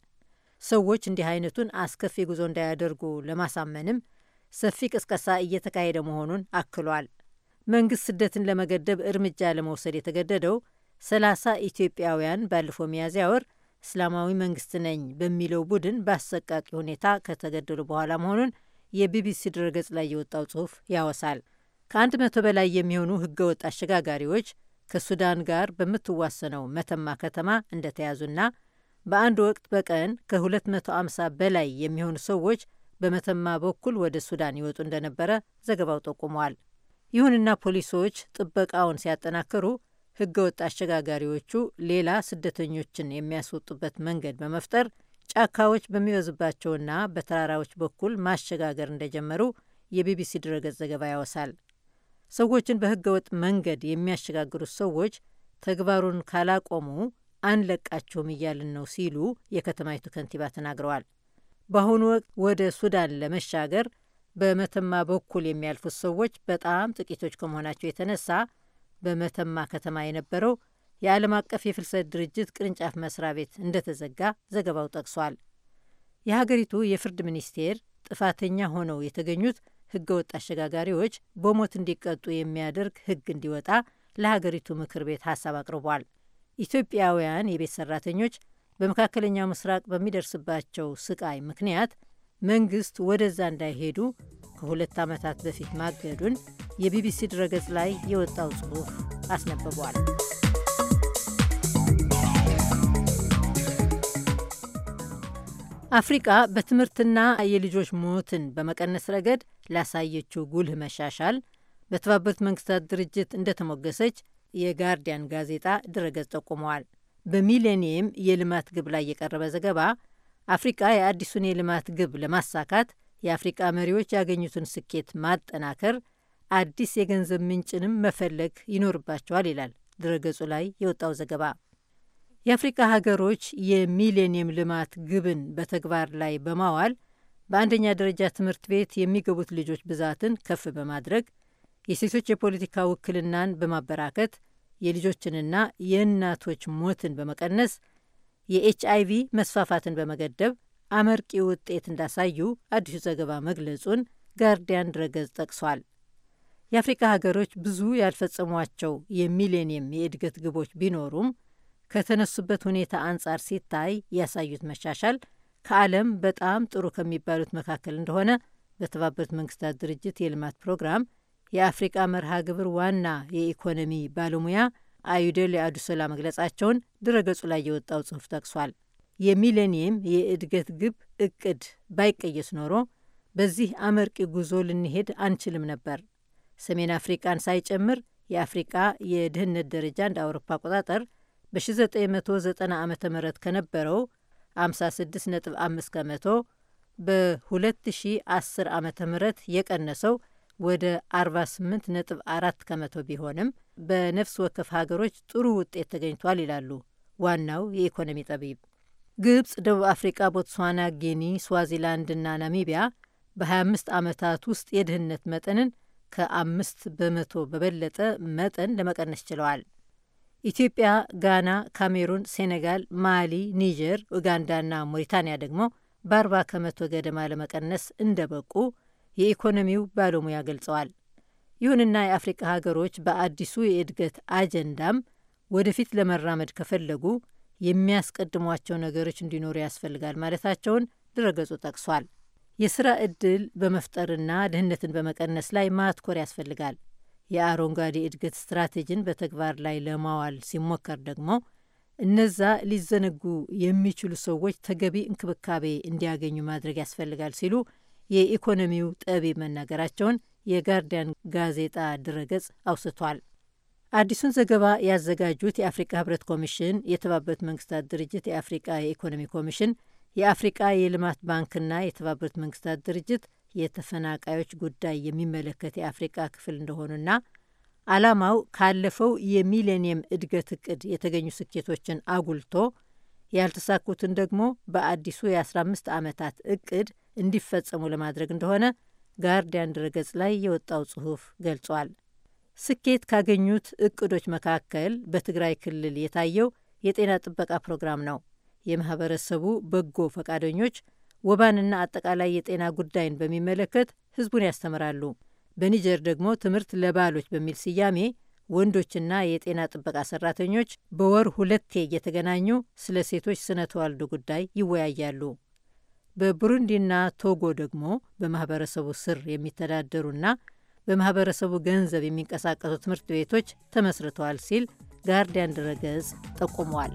ሰዎች እንዲህ አይነቱን አስከፊ ጉዞ እንዳያደርጉ ለማሳመንም ሰፊ ቅስቀሳ እየተካሄደ መሆኑን አክሏል። መንግስት ስደትን ለመገደብ እርምጃ ለመውሰድ የተገደደው ሰላሳ ኢትዮጵያውያን ባለፈው ሚያዝያ ወር እስላማዊ መንግስት ነኝ በሚለው ቡድን በአሰቃቂ ሁኔታ ከተገደሉ በኋላ መሆኑን የቢቢሲ ድረገጽ ላይ የወጣው ጽሑፍ ያወሳል። ከአንድ መቶ በላይ የሚሆኑ ህገወጥ አሸጋጋሪዎች ከሱዳን ጋር በምትዋሰነው መተማ ከተማ እንደተያዙና በአንድ ወቅት በቀን ከ250 በላይ የሚሆኑ ሰዎች በመተማ በኩል ወደ ሱዳን ይወጡ እንደነበረ ዘገባው ጠቁሟል። ይሁንና ፖሊሶች ጥበቃውን ሲያጠናክሩ ህገወጥ አሸጋጋሪዎቹ ሌላ ስደተኞችን የሚያስወጡበት መንገድ በመፍጠር ጫካዎች በሚበዙባቸውና በተራራዎች በኩል ማሸጋገር እንደጀመሩ የቢቢሲ ድረገጽ ዘገባ ያወሳል። ሰዎችን በህገወጥ መንገድ የሚያሸጋግሩት ሰዎች ተግባሩን ካላቆሙ አንለቃቸውም እያልን ነው ሲሉ የከተማይቱ ከንቲባ ተናግረዋል። በአሁኑ ወቅት ወደ ሱዳን ለመሻገር በመተማ በኩል የሚያልፉት ሰዎች በጣም ጥቂቶች ከመሆናቸው የተነሳ በመተማ ከተማ የነበረው የዓለም አቀፍ የፍልሰት ድርጅት ቅርንጫፍ መስሪያ ቤት እንደተዘጋ ዘገባው ጠቅሷል። የሀገሪቱ የፍርድ ሚኒስቴር ጥፋተኛ ሆነው የተገኙት ህገወጥ አሸጋጋሪዎች በሞት እንዲቀጡ የሚያደርግ ህግ እንዲወጣ ለሀገሪቱ ምክር ቤት ሀሳብ አቅርቧል። ኢትዮጵያውያን የቤት ሰራተኞች በመካከለኛው ምስራቅ በሚደርስባቸው ስቃይ ምክንያት መንግስት ወደዛ እንዳይሄዱ ከሁለት ዓመታት በፊት ማገዱን የቢቢሲ ድረገጽ ላይ የወጣው ጽሑፍ አስነብቧል። አፍሪቃ በትምህርትና የልጆች ሞትን በመቀነስ ረገድ ላሳየችው ጉልህ መሻሻል በተባበሩት መንግስታት ድርጅት እንደተሞገሰች የጋርዲያን ጋዜጣ ድረገጽ ጠቁመዋል። በሚሌኒየም የልማት ግብ ላይ የቀረበ ዘገባ አፍሪቃ የአዲሱን የልማት ግብ ለማሳካት የአፍሪቃ መሪዎች ያገኙትን ስኬት ማጠናከር፣ አዲስ የገንዘብ ምንጭንም መፈለግ ይኖርባቸዋል ይላል ድረገጹ ላይ የወጣው ዘገባ። የአፍሪቃ ሀገሮች የሚሌኒየም ልማት ግብን በተግባር ላይ በማዋል በአንደኛ ደረጃ ትምህርት ቤት የሚገቡት ልጆች ብዛትን ከፍ በማድረግ የሴቶች የፖለቲካ ውክልናን በማበራከት የልጆችንና የእናቶች ሞትን በመቀነስ የኤች አይ ቪ መስፋፋትን በመገደብ አመርቂ ውጤት እንዳሳዩ አዲሱ ዘገባ መግለጹን ጋርዲያን ድረገጽ ጠቅሷል። የአፍሪካ ሀገሮች ብዙ ያልፈጸሟቸው የሚሌኒየም የእድገት ግቦች ቢኖሩም ከተነሱበት ሁኔታ አንጻር ሲታይ ያሳዩት መሻሻል ከዓለም በጣም ጥሩ ከሚባሉት መካከል እንደሆነ በተባበሩት መንግስታት ድርጅት የልማት ፕሮግራም የአፍሪቃ መርሃ ግብር ዋና የኢኮኖሚ ባለሙያ አዩደሌ አዱሶላ መግለጻቸውን ድረገጹ ላይ የወጣው ጽሑፍ ጠቅሷል። የሚሌኒየም የእድገት ግብ እቅድ ባይቀየስ ኖሮ በዚህ አመርቂ ጉዞ ልንሄድ አንችልም ነበር። ሰሜን አፍሪቃን ሳይጨምር የአፍሪቃ የድህነት ደረጃ እንደ አውሮፓ አቆጣጠር በ1990 ዓ ም ከነበረው 56.5 ከመቶ በ2010 ዓ ም የቀነሰው ወደ 48.4 ከመቶ ቢሆንም በነፍስ ወከፍ ሀገሮች ጥሩ ውጤት ተገኝቷል ይላሉ ዋናው የኢኮኖሚ ጠቢብ። ግብፅ፣ ደቡብ አፍሪቃ፣ ቦትስዋና፣ ጊኒ፣ ስዋዚላንድና ናሚቢያ በ25 ዓመታት ውስጥ የድህነት መጠንን ከአምስት በመቶ በበለጠ መጠን ለመቀነስ ችለዋል። ኢትዮጵያ፣ ጋና፣ ካሜሩን፣ ሴኔጋል፣ ማሊ፣ ኒጀር፣ ኡጋንዳና ሞሪታንያ ደግሞ በ40 ከመቶ ገደማ ለመቀነስ እንደበቁ የኢኮኖሚው ባለሙያ ገልጸዋል። ይሁንና የአፍሪቃ ሀገሮች በአዲሱ የእድገት አጀንዳም ወደፊት ለመራመድ ከፈለጉ የሚያስቀድሟቸው ነገሮች እንዲኖሩ ያስፈልጋል ማለታቸውን ድረገጹ ጠቅሷል። የስራ ዕድል በመፍጠርና ድህነትን በመቀነስ ላይ ማትኮር ያስፈልጋል። የአረንጓዴ እድገት ስትራቴጂን በተግባር ላይ ለማዋል ሲሞከር ደግሞ እነዛ ሊዘነጉ የሚችሉ ሰዎች ተገቢ እንክብካቤ እንዲያገኙ ማድረግ ያስፈልጋል ሲሉ የኢኮኖሚው ጠቢብ መናገራቸውን የጋርዲያን ጋዜጣ ድረገጽ አውስቷል። አዲሱን ዘገባ ያዘጋጁት የአፍሪካ ህብረት ኮሚሽን፣ የተባበሩት መንግስታት ድርጅት የአፍሪቃ የኢኮኖሚ ኮሚሽን፣ የአፍሪቃ የልማት ባንክና የተባበሩት መንግስታት ድርጅት የተፈናቃዮች ጉዳይ የሚመለከት የአፍሪቃ ክፍል እንደሆኑና ዓላማው ካለፈው የሚሌኒየም እድገት እቅድ የተገኙ ስኬቶችን አጉልቶ ያልተሳኩትን ደግሞ በአዲሱ የ15 ዓመታት እቅድ እንዲፈጸሙ ለማድረግ እንደሆነ ጋርዲያን ድረገጽ ላይ የወጣው ጽሑፍ ገልጿል። ስኬት ካገኙት እቅዶች መካከል በትግራይ ክልል የታየው የጤና ጥበቃ ፕሮግራም ነው። የማህበረሰቡ በጎ ፈቃደኞች ወባንና አጠቃላይ የጤና ጉዳይን በሚመለከት ህዝቡን ያስተምራሉ። በኒጀር ደግሞ ትምህርት ለባሎች በሚል ስያሜ ወንዶችና የጤና ጥበቃ ሰራተኞች በወር ሁለቴ እየተገናኙ ስለ ሴቶች ስነ ተዋልዶ ጉዳይ ይወያያሉ። በቡሩንዲና ቶጎ ደግሞ በማህበረሰቡ ስር የሚተዳደሩና በማህበረሰቡ ገንዘብ የሚንቀሳቀሱ ትምህርት ቤቶች ተመስርተዋል ሲል ጋርዲያን ድረገጽ ጠቁመዋል።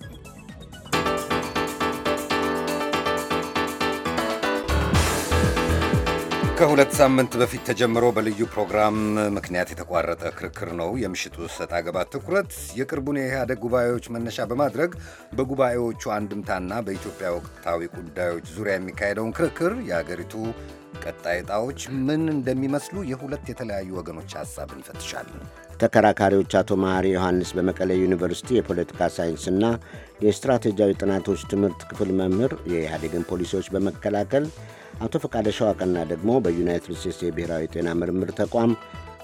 ከሁለት ሳምንት በፊት ተጀምሮ በልዩ ፕሮግራም ምክንያት የተቋረጠ ክርክር ነው። የምሽቱ ሰጥ አገባ ትኩረት የቅርቡን የኢህአደግ ጉባኤዎች መነሻ በማድረግ በጉባኤዎቹ አንድምታና በኢትዮጵያ ወቅታዊ ጉዳዮች ዙሪያ የሚካሄደውን ክርክር፣ የአገሪቱ ቀጣይ ዕጣዎች ምን እንደሚመስሉ የሁለት የተለያዩ ወገኖች ሀሳብ እንፈትሻለን። ተከራካሪዎች አቶ መሐሪ ዮሐንስ በመቀለ ዩኒቨርሲቲ የፖለቲካ ሳይንስና የስትራቴጂያዊ ጥናቶች ትምህርት ክፍል መምህር የኢህአዴግን ፖሊሲዎች በመከላከል አቶ ፈቃደ ሸዋቀና ደግሞ በዩናይትድ ስቴትስ የብሔራዊ ጤና ምርምር ተቋም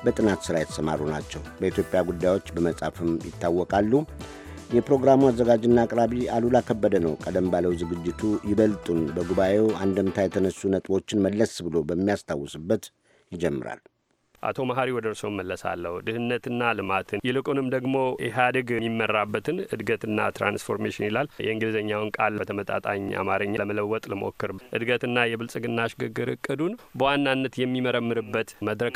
በጥናት ሥራ የተሰማሩ ናቸው። በኢትዮጵያ ጉዳዮች በመጻፍም ይታወቃሉ። የፕሮግራሙ አዘጋጅና አቅራቢ አሉላ ከበደ ነው። ቀደም ባለው ዝግጅቱ ይበልጡን በጉባኤው አንደምታ የተነሱ ነጥቦችን መለስ ብሎ በሚያስታውስበት ይጀምራል። አቶ መሀሪ ወደ እርስዎ መለሳለሁ። ድህነትና ልማትን ይልቁንም ደግሞ ኢህአዴግ የሚመራበትን እድገትና ትራንስፎርሜሽን ይላል። የእንግሊዝኛውን ቃል በተመጣጣኝ አማርኛ ለመለወጥ ልሞክር። እድገትና የብልጽግና ሽግግር እቅዱን በዋናነት የሚመረምርበት መድረክ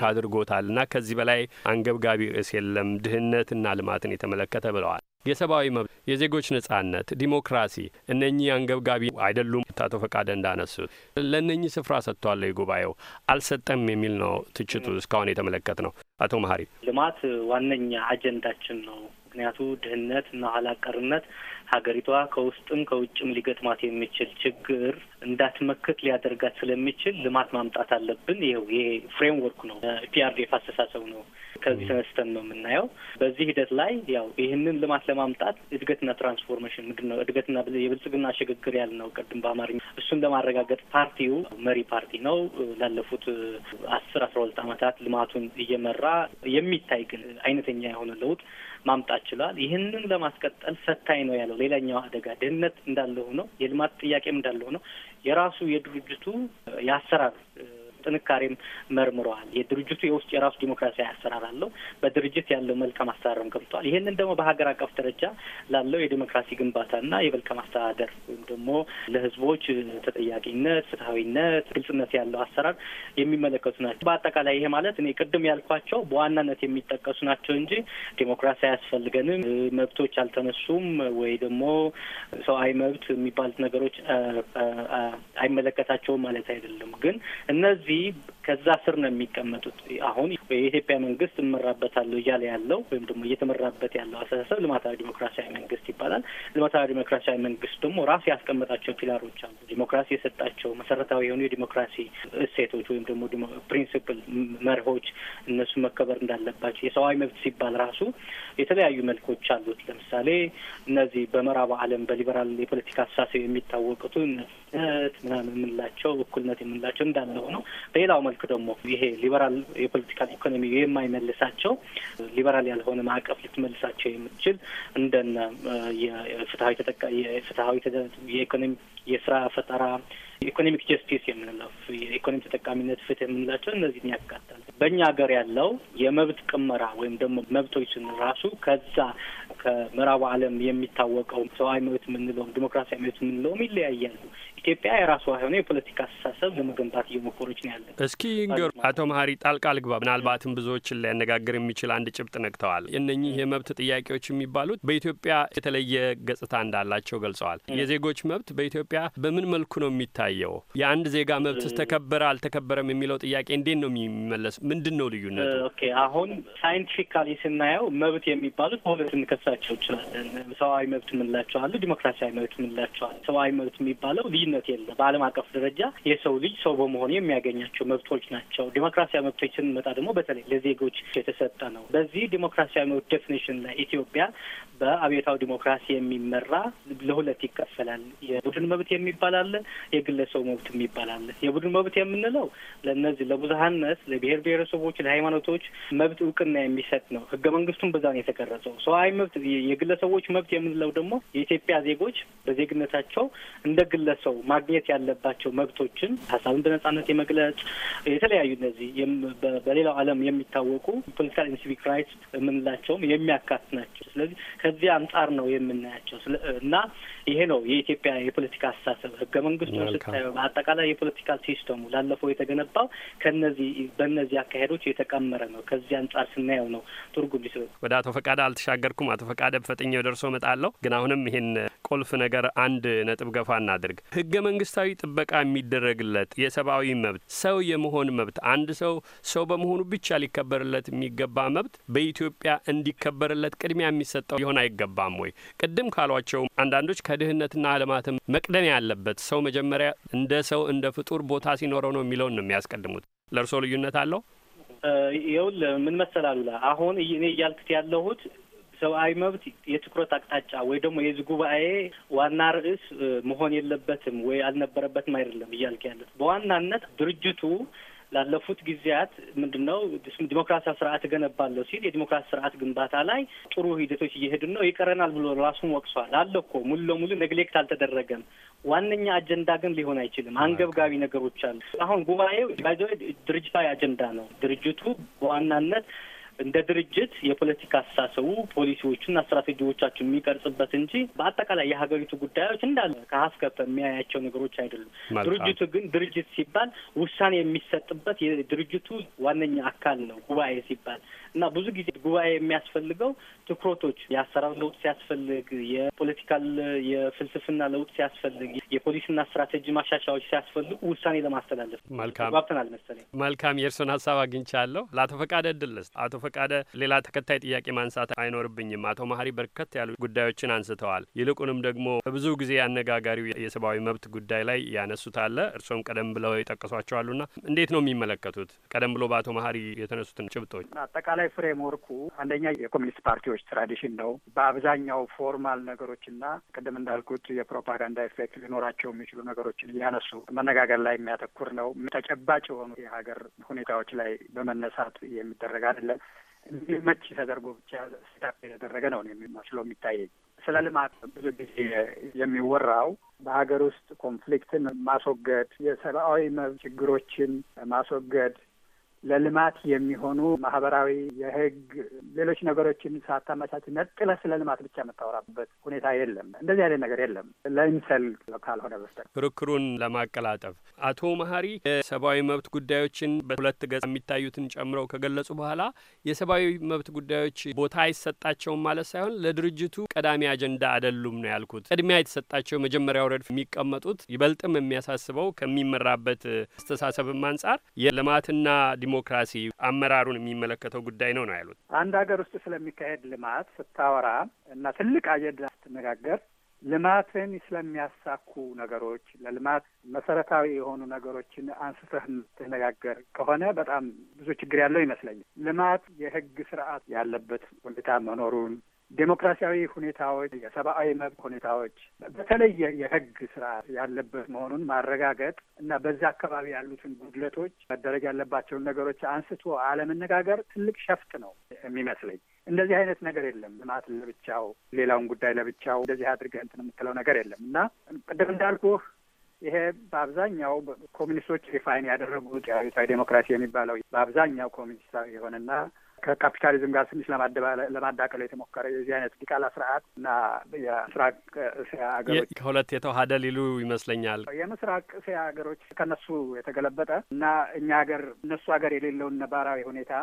እና ከዚህ በላይ አንገብጋቢ ርዕስ የለም ድህነትና ልማትን የተመለከተ ብለዋል። የሰብአዊ መብት፣ የዜጎች ነጻነት፣ ዲሞክራሲ እነኚህ አንገብጋቢ አይደሉም? አቶ ፈቃደ እንዳነሱት ለእነኚህ ስፍራ ሰጥቷለሁ ጉባኤው አልሰጠም የሚል ነው ትችቱ። እስካሁን የተመለከት ነው። አቶ መሀሪ ልማት ዋነኛ አጀንዳችን ነው። ምክንያቱ ድህነት እና ኋላ ሀገሪቷ ከውስጥም ከውጭም ሊገጥማት የሚችል ችግር እንዳትመክት ሊያደርጋት ስለሚችል ልማት ማምጣት አለብን። ይኸው ይሄ ፍሬምወርክ ነው፣ ፒአርዲኤፍ አስተሳሰብ ነው። ከዚህ ተነስተን ነው የምናየው። በዚህ ሂደት ላይ ያው ይህንን ልማት ለማምጣት እድገትና ትራንስፎርሜሽን ምንድን ነው እድገትና የብልጽግና ሽግግር ያልነው ቅድም በአማርኛ እሱን ለማረጋገጥ ፓርቲው መሪ ፓርቲ ነው። ላለፉት አስር አስራ ሁለት ዓመታት ልማቱን እየመራ የሚታይ ግን አይነተኛ የሆነ ለውጥ ማምጣት ችሏል። ይህንን ለማስቀጠል ፈታኝ ነው ያለው ሌላኛው አደጋ ደህንነት እንዳለ ሆኖ የልማት ጥያቄም እንዳለ ሆኖ የራሱ የድርጅቱ የአሰራር ጥንካሬም መርምረዋል። የድርጅቱ የውስጥ የራሱ ዲሞክራሲያዊ አሰራር አለው። በድርጅት ያለው መልካም አሰራርም ገብቷል። ይህንን ደግሞ በሀገር አቀፍ ደረጃ ላለው የዲሞክራሲ ግንባታና የመልካም አስተዳደር ወይም ደግሞ ለህዝቦች ተጠያቂነት፣ ፍትሀዊነት፣ ግልጽነት ያለው አሰራር የሚመለከቱ ናቸው። በአጠቃላይ ይሄ ማለት እኔ ቅድም ያልኳቸው በዋናነት የሚጠቀሱ ናቸው እንጂ ዲሞክራሲ አያስፈልገንም፣ መብቶች አልተነሱም፣ ወይ ደግሞ ሰብአዊ መብት የሚባሉት ነገሮች አይመለከታቸውም ማለት አይደለም። ግን እነዚህ the ከዛ ስር ነው የሚቀመጡት። አሁን የኢትዮጵያ መንግስት እመራበታለሁ እያለ ያለው ወይም ደግሞ እየተመራበት ያለው አስተሳሰብ ልማታዊ ዲሞክራሲያዊ መንግስት ይባላል። ልማታዊ ዲሞክራሲያዊ መንግስት ደግሞ ራሱ ያስቀመጣቸው ፒላሮች አሉ። ዲሞክራሲ የሰጣቸው መሰረታዊ የሆኑ የዲሞክራሲ እሴቶች ወይም ደግሞ ፕሪንስፕል መርሆች፣ እነሱ መከበር እንዳለባቸው የሰብአዊ መብት ሲባል ራሱ የተለያዩ መልኮች አሉት። ለምሳሌ እነዚህ በምዕራብ ዓለም በሊበራል የፖለቲካ አስተሳሰብ የሚታወቁትን ምናምን የምንላቸው እኩልነት የምንላቸው እንዳለ ሆነው በሌላው መልክ ደግሞ ይሄ ሊበራል የፖለቲካል ኢኮኖሚ የማይመልሳቸው ሊበራል ያልሆነ ማዕቀፍ ልትመልሳቸው የምትችል እንደነ የፍትሀዊ ተጠቃ የፍትሀዊ የኢኮኖሚ የስራ ፈጠራ ኢኮኖሚክ ጀስቲስ የምንለው የኢኮኖሚ ተጠቃሚነት ፍትህ የምንላቸው እነዚህን ያካታል። በእኛ ሀገር ያለው የመብት ቅመራ ወይም ደግሞ መብቶችን ራሱ ከዛ ከምዕራቡ ዓለም የሚታወቀው ሰብአዊ መብት የምንለውም ዲሞክራሲያዊ መብት የምንለውም ይለያያሉ። ኢትዮጵያ የራሷ የሆነ የፖለቲካ አስተሳሰብ ለመገንባት እየሞከሮች ነው ያለ። እስኪ ንገሩ አቶ መሀሪ ጣልቃ ልግባ። ምናልባትም ብዙዎችን ሊያነጋግር የሚችል አንድ ጭብጥ ነቅተዋል። እነኚህ የመብት ጥያቄዎች የሚባሉት በኢትዮጵያ የተለየ ገጽታ እንዳላቸው ገልጸዋል። የዜጎች መብት በኢትዮጵያ በምን መልኩ ነው የሚታየው? የአንድ ዜጋ መብት ተከበረ አልተከበረም የሚለው ጥያቄ እንዴት ነው የሚመለስ? ምንድን ነው ልዩነቱ? ኦኬ አሁን ሳይንቲፊካሊ ስናየው መብት የሚባሉት በሁለት እንከሳቸው ይችላለን። ሰብአዊ መብት ምንላቸዋለ፣ ዲሞክራሲያዊ መብት ምንላቸዋል። ሰብአዊ መብት የሚባለው ልዩነት የለም። በዓለም አቀፍ ደረጃ የሰው ልጅ ሰው በመሆኑ የሚያገኛቸው መብቶች ናቸው። ዲሞክራሲያዊ መብቶች ስንመጣ ደግሞ በተለይ ለዜጎች የተሰጠ ነው። በዚህ ዲሞክራሲያዊ መብት ዴፊኒሽን ላይ ኢትዮጵያ በአብዮታዊ ዲሞክራሲ የሚመራ ለሁለት ይከፈላል። የቡድን መብት የሚባል አለ፣ የግለሰቡ መብት የሚባል አለ። የቡድን መብት የምንለው ለእነዚህ ለብዝሀነት፣ ለብሔር ብሔረሰቦች፣ ለሃይማኖቶች መብት እውቅና የሚሰጥ ነው። ህገ መንግስቱም በዛ ነው የተቀረጸው። ሰብአዊ መብት የግለሰቦች መብት የምንለው ደግሞ የኢትዮጵያ ዜጎች በዜግነታቸው እንደ ግለሰቡ ማግኘት ያለባቸው መብቶችን ሀሳብን በነጻነት የመግለጽ የተለያዩ እነዚህ በሌላው ዓለም የሚታወቁ ፖለቲካል ኤንድ ሲቪክ ራይትስ የምንላቸውም የሚያካት ናቸው። ስለዚህ ከዚህ አንጻር ነው የምናያቸው እና ይሄ ነው የኢትዮጵያ የፖለቲካ አስተሳሰብ። ህገ መንግስቱን ስታየው በአጠቃላይ የፖለቲካ ሲስተሙ ላለፈው የተገነባው ከነዚህ በእነዚህ አካሄዶች የተቀመረ ነው። ከዚህ አንጻር ስናየው ነው ትርጉም ሊሰ ወደ አቶ ፈቃደ አልተሻገርኩም። አቶ ፈቃደ በፈጠኛው ደርሶ መጣለሁ። ግን አሁንም ይሄን ቁልፍ ነገር አንድ ነጥብ ገፋ እናድርግ። ህገ መንግስታዊ ጥበቃ የሚደረግለት የሰብአዊ መብት ሰው የመሆን መብት አንድ ሰው ሰው በመሆኑ ብቻ ሊከበርለት የሚገባ መብት በኢትዮጵያ እንዲከበርለት ቅድሚያ የሚሰጠው ሊሆን አይገባም ወይ? ቅድም ካሏቸው አንዳንዶች ከድህነትና ልማትም መቅደም ያለበት ሰው መጀመሪያ እንደ ሰው እንደ ፍጡር ቦታ ሲኖረው ነው የሚለውን ነው የሚያስቀድሙት። ለእርስዎ ልዩነት አለው? ይኸውልህ ምን መሰል አሁን እኔ እያልክት ያለሁት ሰብአዊ መብት የትኩረት አቅጣጫ ወይ ደግሞ የዚህ ጉባኤ ዋና ርዕስ መሆን የለበትም ወይ አልነበረበትም አይደለም እያልክ ያለት በዋናነት ድርጅቱ ላለፉት ጊዜያት ምንድን ነው ዲሞክራሲያዊ ስርዓት እገነባለሁ ሲል የዲሞክራሲ ስርዓት ግንባታ ላይ ጥሩ ሂደቶች እየሄዱ ነው፣ ይቀረናል ብሎ ራሱን ወቅሷል። አለ እኮ ሙሉ ለሙሉ ነግሌክት አልተደረገም። ዋነኛ አጀንዳ ግን ሊሆን አይችልም። አንገብጋቢ ነገሮች አሉ። አሁን ጉባኤው ባይዘ ድርጅታዊ አጀንዳ ነው። ድርጅቱ በዋናነት እንደ ድርጅት የፖለቲካ አስተሳሰቡ ፖሊሲዎቹና ስትራቴጂዎቻቸው የሚቀርጽበት እንጂ በአጠቃላይ የሀገሪቱ ጉዳዮች እንዳለ ከሀፍ ከፍ የሚያያቸው ነገሮች አይደሉም። ድርጅቱ ግን ድርጅት ሲባል ውሳኔ የሚሰጥበት የድርጅቱ ዋነኛ አካል ነው ጉባኤ ሲባል እና ብዙ ጊዜ ጉባኤ የሚያስፈልገው ትኩረቶች የአሰራር ለውጥ ሲያስፈልግ፣ የፖለቲካል የፍልስፍና ለውጥ ሲያስፈልግ፣ የፖሊስና ስትራቴጂ ማሻሻያዎች ሲያስፈልጉ ውሳኔ ለማስተላለፍ መልካም ባብተናል መሰለኝ። መልካም የእርስዎን ሀሳብ አግኝቻለሁ። ለአቶ ፈቃደ እድል አቶ ፈቃደ፣ ሌላ ተከታይ ጥያቄ ማንሳት አይኖርብኝም። አቶ መሀሪ በርከት ያሉ ጉዳዮችን አንስተዋል። ይልቁንም ደግሞ ብዙ ጊዜ አነጋጋሪው የሰብአዊ መብት ጉዳይ ላይ ያነሱት አለ። እርስዎም ቀደም ብለው የጠቀሷቸዋሉና እንዴት ነው የሚመለከቱት? ቀደም ብሎ በአቶ መሀሪ የተነሱትን ጭብጦች አጠቃላይ ፍሬምወርኩ አንደኛ የኮሚኒስት ፓርቲዎች ትራዲሽን ነው። በአብዛኛው ፎርማል ነገሮችና ቅድም እንዳልኩት የፕሮፓጋንዳ ኤፌክት ሊኖራቸው የሚችሉ ነገሮችን እያነሱ መነጋገር ላይ የሚያተኩር ነው። ተጨባጭ የሆኑ የሀገር ሁኔታዎች ላይ በመነሳት የሚደረግ አይደለም። መች ተደርጎ ብቻ ስታፍ የተደረገ ነው መስሎ የሚታየኝ። ስለ ልማት ብዙ ጊዜ የሚወራው በሀገር ውስጥ ኮንፍሊክትን ማስወገድ፣ የሰብአዊ መብት ችግሮችን ማስወገድ፣ ለልማት የሚሆኑ ማህበራዊ፣ የህግ፣ ሌሎች ነገሮችን ሳታመቻች ነጥለህ ስለ ልማት ብቻ የምታወራበት ሁኔታ የለም። እንደዚህ አይነት ነገር የለም ለይምሰል ካልሆነ በስተቀር ክርክሩን ለማቀላጠፍ አቶ መሀሪ የሰብአዊ መብት ጉዳዮችን በሁለት ገጽ የሚታዩትን ጨምረው ከገለጹ በኋላ የሰብአዊ መብት ጉዳዮች ቦታ አይሰጣቸውም ማለት ሳይሆን ለድርጅቱ ቀዳሚ አጀንዳ አይደሉም ነው ያልኩት። ቅድሚያ የተሰጣቸው መጀመሪያው ረድፍ የሚቀመጡት ይበልጥም የሚያሳስበው ከሚመራበት አስተሳሰብም አንጻር የልማትና ዲሞክራሲ አመራሩን የሚመለከተው ጉዳይ ነው ነው ያሉት። አንድ ሀገር ውስጥ ስለሚካሄድ ልማት ስታወራ እና ትልቅ አጀንዳ ስትነጋገር ልማትን ስለሚያሳኩ ነገሮች ለልማት መሰረታዊ የሆኑ ነገሮችን አንስተህ ትነጋገር ከሆነ በጣም ብዙ ችግር ያለው ይመስለኛል። ልማት የህግ ስርዓት ያለበት ሁኔታ መኖሩን ዴሞክራሲያዊ ሁኔታዎች፣ የሰብአዊ መብት ሁኔታዎች በተለይ የህግ ስርዓት ያለበት መሆኑን ማረጋገጥ እና በዛ አካባቢ ያሉትን ጉድለቶች መደረግ ያለባቸውን ነገሮች አንስቶ አለመነጋገር ትልቅ ሸፍጥ ነው የሚመስለኝ። እንደዚህ አይነት ነገር የለም። ልማት ለብቻው፣ ሌላውን ጉዳይ ለብቻው እንደዚህ አድርገህ እንትን የምትለው ነገር የለም እና ቅድም እንዳልኩህ ይሄ በአብዛኛው ኮሚኒስቶች ሪፋይን ያደረጉት አብዮታዊ ዴሞክራሲ የሚባለው በአብዛኛው ኮሚኒስታዊ የሆነና ከካፒታሊዝም ጋር ትንሽ ለማዳቀል የተሞከረ የዚህ አይነት ዲቃላ ስርዓት እና የምስራቅ እስያ ሀገሮች ከሁለት የተዋሃደ ሊሉ ይመስለኛል። የምስራቅ እስያ ሀገሮች ከነሱ የተገለበጠ እና እኛ ሀገር እነሱ ሀገር የሌለውን ነባራዊ ሁኔታ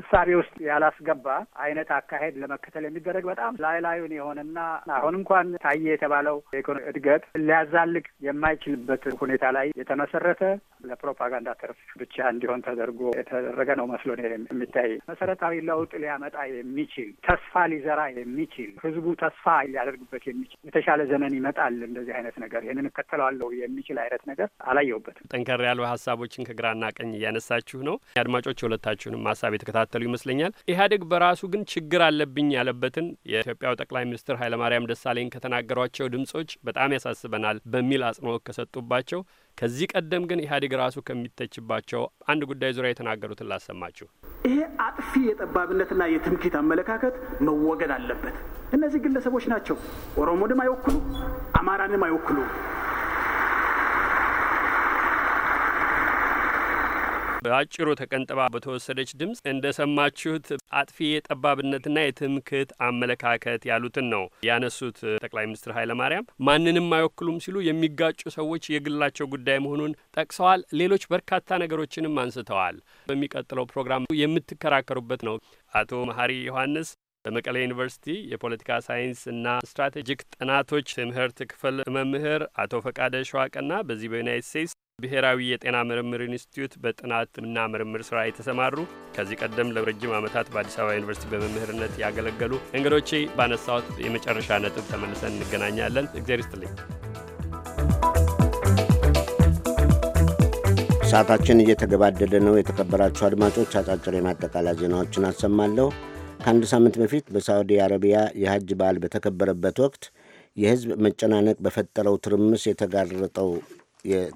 እሳቤ ውስጥ ያላስገባ አይነት አካሄድ ለመከተል የሚደረግ በጣም ላይ ላዩን የሆነና አሁን እንኳን ታየ የተባለው የኢኮኖሚ እድገት ሊያዛልቅ የማይችልበት ሁኔታ ላይ የተመሰረተ ለፕሮፓጋንዳ ተርፍ ብቻ እንዲሆን ተደርጎ የተደረገ ነው መስሎ የሚታይ መሰረታዊ ለውጥ ሊያመጣ የሚችል ተስፋ ሊዘራ የሚችል ህዝቡ ተስፋ ሊያደርግበት የሚችል የተሻለ ዘመን ይመጣል እንደዚህ አይነት ነገር ይህንን እከተለዋለሁ የሚችል አይነት ነገር አላየሁበትም። ጠንከር ያሉ ሀሳቦችን ከግራና ቀኝ እያነሳችሁ ነው። አድማጮች የሁለታችሁንም ሀሳብ እየተከታተሉ ይመስለኛል። ኢህአዴግ በራሱ ግን ችግር አለብኝ ያለበትን የኢትዮጵያው ጠቅላይ ሚኒስትር ኃይለማርያም ደሳለኝ ከተናገሯቸው ድምጾች በጣም ያሳስበናል በሚል አጽንኦት ከሰጡባቸው ከዚህ ቀደም ግን ኢህአዴግ ራሱ ከሚተችባቸው አንድ ጉዳይ ዙሪያ የተናገሩትን ላሰማችሁ። ይሄ አጥፊ የጠባብነትና የትምክህት አመለካከት መወገድ አለበት። እነዚህ ግለሰቦች ናቸው ኦሮሞንም አይወክሉ፣ አማራንም አይወክሉ፣ በአጭሩ ተቀንጥባ በተወሰደች ድምፅ እንደ ሰማችሁት አጥፊ የጠባብነትና የትምክህት አመለካከት ያሉትን ነው ያነሱት ጠቅላይ ሚኒስትር ኃይለማርያም ማንንም አይወክሉም ሲሉ የሚጋጩ ሰዎች የግላቸው ጉዳይ መሆኑን ጠቅሰዋል። ሌሎች በርካታ ነገሮችንም አንስተዋል። በሚቀጥለው ፕሮግራም የምትከራከሩበት ነው። አቶ መሀሪ ዮሐንስ በመቀሌ ዩኒቨርሲቲ የፖለቲካ ሳይንስ እና ስትራቴጂክ ጥናቶች ትምህርት ክፍል መምህር፣ አቶ ፈቃደ ሸዋቀና በዚህ በዩናይት ስቴትስ ብሔራዊ የጤና ምርምር ኢንስቲትዩት በጥናትና ምርምር ስራ የተሰማሩ ከዚህ ቀደም ለረጅም ዓመታት በአዲስ አበባ ዩኒቨርሲቲ በመምህርነት ያገለገሉ እንግዶቼ ባነሳሁት የመጨረሻ ነጥብ ተመልሰን እንገናኛለን። እግዚአብሔር ይስጥልኝ። ሰዓታችን እየተገባደደ ነው። የተከበራችሁ አድማጮች አጫጭር የማጠቃለያ ዜናዎችን አሰማለሁ። ከአንድ ሳምንት በፊት በሳዑዲ አረቢያ የሐጅ በዓል በተከበረበት ወቅት የህዝብ መጨናነቅ በፈጠረው ትርምስ የተጋረጠው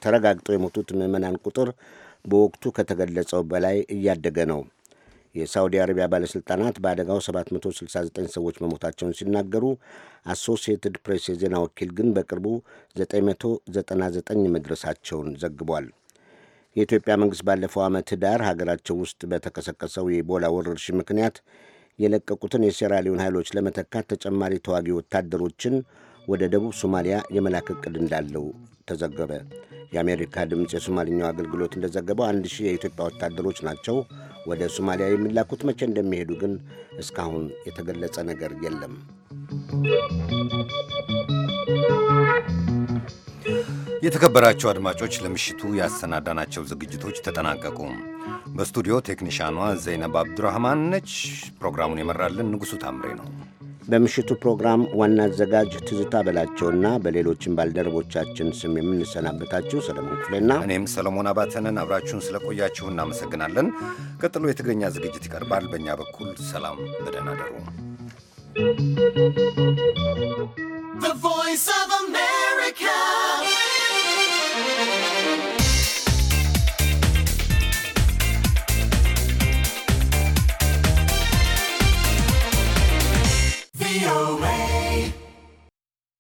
ተረጋግጠው የሞቱት ምዕመናን ቁጥር በወቅቱ ከተገለጸው በላይ እያደገ ነው። የሳውዲ አረቢያ ባለሥልጣናት በአደጋው 769 ሰዎች መሞታቸውን ሲናገሩ አሶሲየትድ ፕሬስ የዜና ወኪል ግን በቅርቡ 999 መድረሳቸውን ዘግቧል። የኢትዮጵያ መንግሥት ባለፈው ዓመት ዳር ሀገራቸው ውስጥ በተቀሰቀሰው የኢቦላ ወረርሽኝ ምክንያት የለቀቁትን የሴራሊዮን ኃይሎች ለመተካት ተጨማሪ ተዋጊ ወታደሮችን ወደ ደቡብ ሶማሊያ የመላክ ዕቅድ እንዳለው ተዘገበ። የአሜሪካ ድምፅ የሶማልኛው አገልግሎት እንደዘገበው አንድ ሺህ የኢትዮጵያ ወታደሮች ናቸው ወደ ሶማሊያ የሚላኩት። መቼ እንደሚሄዱ ግን እስካሁን የተገለጸ ነገር የለም። የተከበራቸው አድማጮች ለምሽቱ ያሰናዳናቸው ዝግጅቶች ተጠናቀቁ። በስቱዲዮ ቴክኒሻኗ ዘይነብ አብዱራህማን ነች። ፕሮግራሙን የመራልን ንጉሡ ታምሬ ነው። በምሽቱ ፕሮግራም ዋና አዘጋጅ ትዝታ በላቸውና በሌሎችም ባልደረቦቻችን ስም የምንሰናበታችሁ ሰለሞን ክፍሌና እኔም ሰለሞን አባተንን አብራችሁን ስለቆያችሁ እናመሰግናለን። ቀጥሎ የትግርኛ ዝግጅት ይቀርባል። በእኛ በኩል ሰላም፣ በደህና አደሩ። Radio.